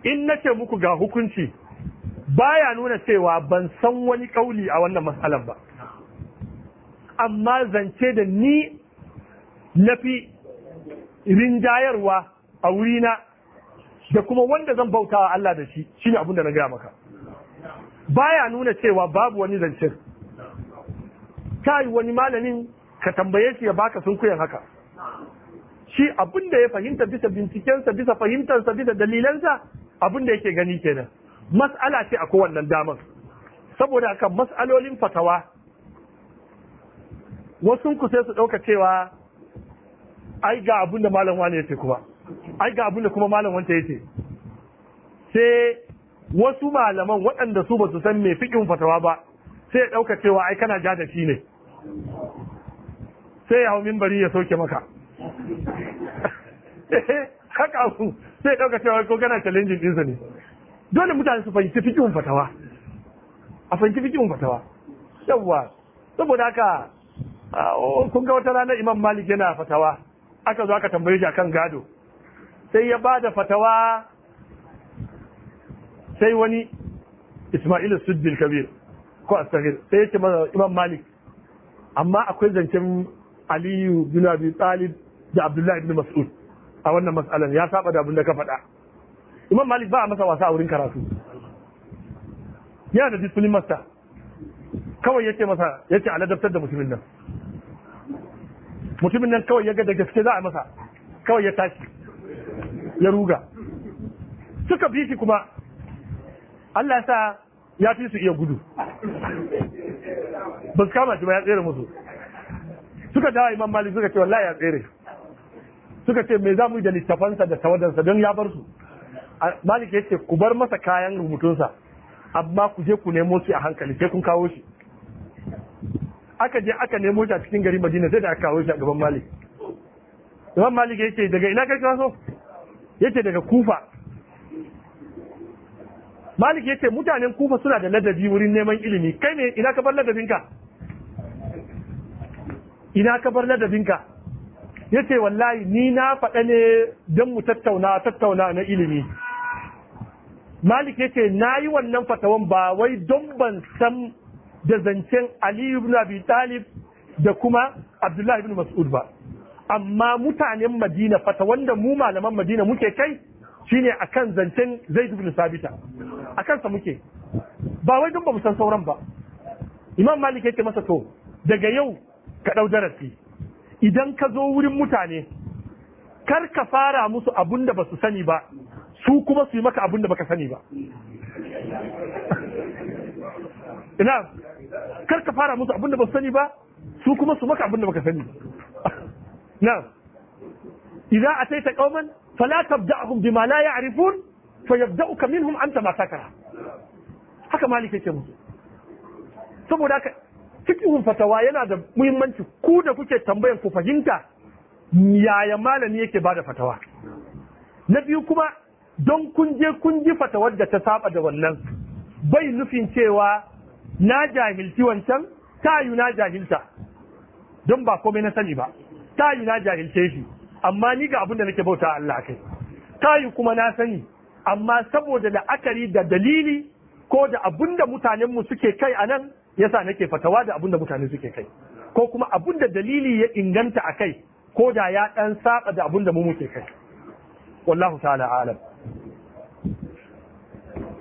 in nace muku ga hukunci baya nuna cewa ban san wani kauli a wannan masalan ba amma zance da ni nafi rinjayarwa a wurina da kuma wanda zan bautawa Allah da shi shine abin da na gaya maka baya nuna cewa babu wani zancen ta yi wani malamin ka tambaye shi ya baka sun haka shi abin da ya fahimta bisa bincikensa bisa fahimtarsa bisa dalilansa abin da yake gani kenan mas'ala ce a kowannan damar saboda kan mas'alolin fatawa wasu ku sai su ɗauka cewa ai ga abin da malam wani ya kuma ai ga abin kuma malam wanta ya sai wasu malaman waɗanda su ba su san mai fikin fatawa ba sai ya ɗauka cewa ai kana ja da shi ne sai ya hau minbari ya soke maka *laughs* haka su sai ɗauka cewa ko kana challenging ɗinsa ne dole mutane su fahimci fikin fatawa a fahimci fikin fatawa yawwa saboda haka kun ga wata rana imam malik yana fatawa aka zo aka tambaye shi akan gado sai ya ba da fatawa sai wani Ismail Suddin Kabir ko Asagir sai yake mana Imam Malik amma akwai zancen Aliyu bin Abi Talib da Abdullahi ibn Mas'ud a wannan mas'alan ya saba da abin da ka faɗa Imam Malik ba a masa wasa a wurin karatu yana da disiplin master kawai yake masa yake aladabtar da mutumin nan mutumin nan kawai ya ga da gaske za a masa kawai ya tashi ya ruga suka bi shi kuma Allah ya sa ya fi su iya gudu ba su kama shi ba ya tsere musu suka dawa imam malik suka ce wallahi ya tsere suka ce me za mu yi da littafansa da tawadansa don ya bar su malik ya ce ku bar masa kayan rubutunsa amma ku je ku nemo shi a hankali sai kun kawo shi aka je aka nemo shi a cikin gari madina sai da aka kawo shi a gaban malik imam malik ya ce daga ina kai kaso ya ce daga kufa malik yace mutanen kufa suna da ladabi wurin neman ilimi kai ne ina ka bar ladabinka ina ka bar ladabinka yace wallahi ni na faɗa ne don mu tattauna tattauna na ilimi malik yace na yi wannan fatawan ba wai don ban san da zancen aliyu ibn abi talib da kuma abdullahi ibn mas'ud ba amma mutanen madina fatawan da mu malaman madina muke kai shine akan zancen zai ibn sabita akan sa muke ba wai dun ba mu san sauran ba imam malik yake masa to daga yau ka dau darasi idan ka zo wurin mutane kar ka fara musu abun da ba su sani ba su kuma su yi maka abun da baka sani ba *laughs* ina kar ka fara musu abun da ba su sani ba su kuma su maka abun da baka sani ba *laughs* na idza ataita kauman فلا تبدأهم بما لا يعرفون فيبدأك منهم أنت ما تكره haka malik yake musu saboda haka fatawa yana da muhimmanci ku da kuke tambayar ku fahimta yaya malami yake bada fatawa na biyu kuma don kun je kun ji fatawar da ta saba da wannan bai nufin cewa na jahilci wancan ta yi na jahilta don ba komai na sani ba ta yi na jahilce shi amma ni ga abin da nake bauta Allah kai tayi kuma na sani amma saboda la'akari da dalili ko da abin da mutanen mu suke kai anan yasa nake fatawa da abin da mutane suke kai ko kuma abin da dalili ya inganta akai, ko da ya dan saba da abin da mu muke kai wallahu ta'ala alam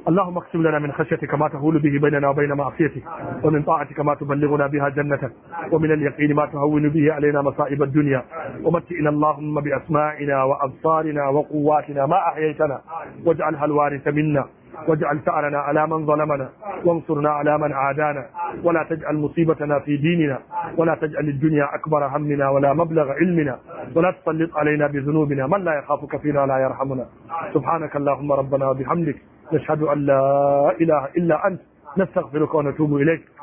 اللهم اقسم لنا من خشيتك ما تهول به بيننا وبين معصيتك ومن طاعتك ما تبلغنا بها جنتك ومن اليقين ما تهون به علينا مصائب الدنيا ومتئنا اللهم بأسمائنا وأبصارنا وقواتنا ما أحييتنا واجعلها الوارث منا واجعل ثأرنا على من ظلمنا وانصرنا على من عادانا ولا تجعل مصيبتنا في ديننا ولا تجعل الدنيا أكبر همنا ولا مبلغ علمنا ولا تسلط علينا بذنوبنا من لا يخافك فينا لا يرحمنا سبحانك اللهم ربنا وبحمدك نشهد أن لا إله إلا أنت نستغفرك ونتوب إليك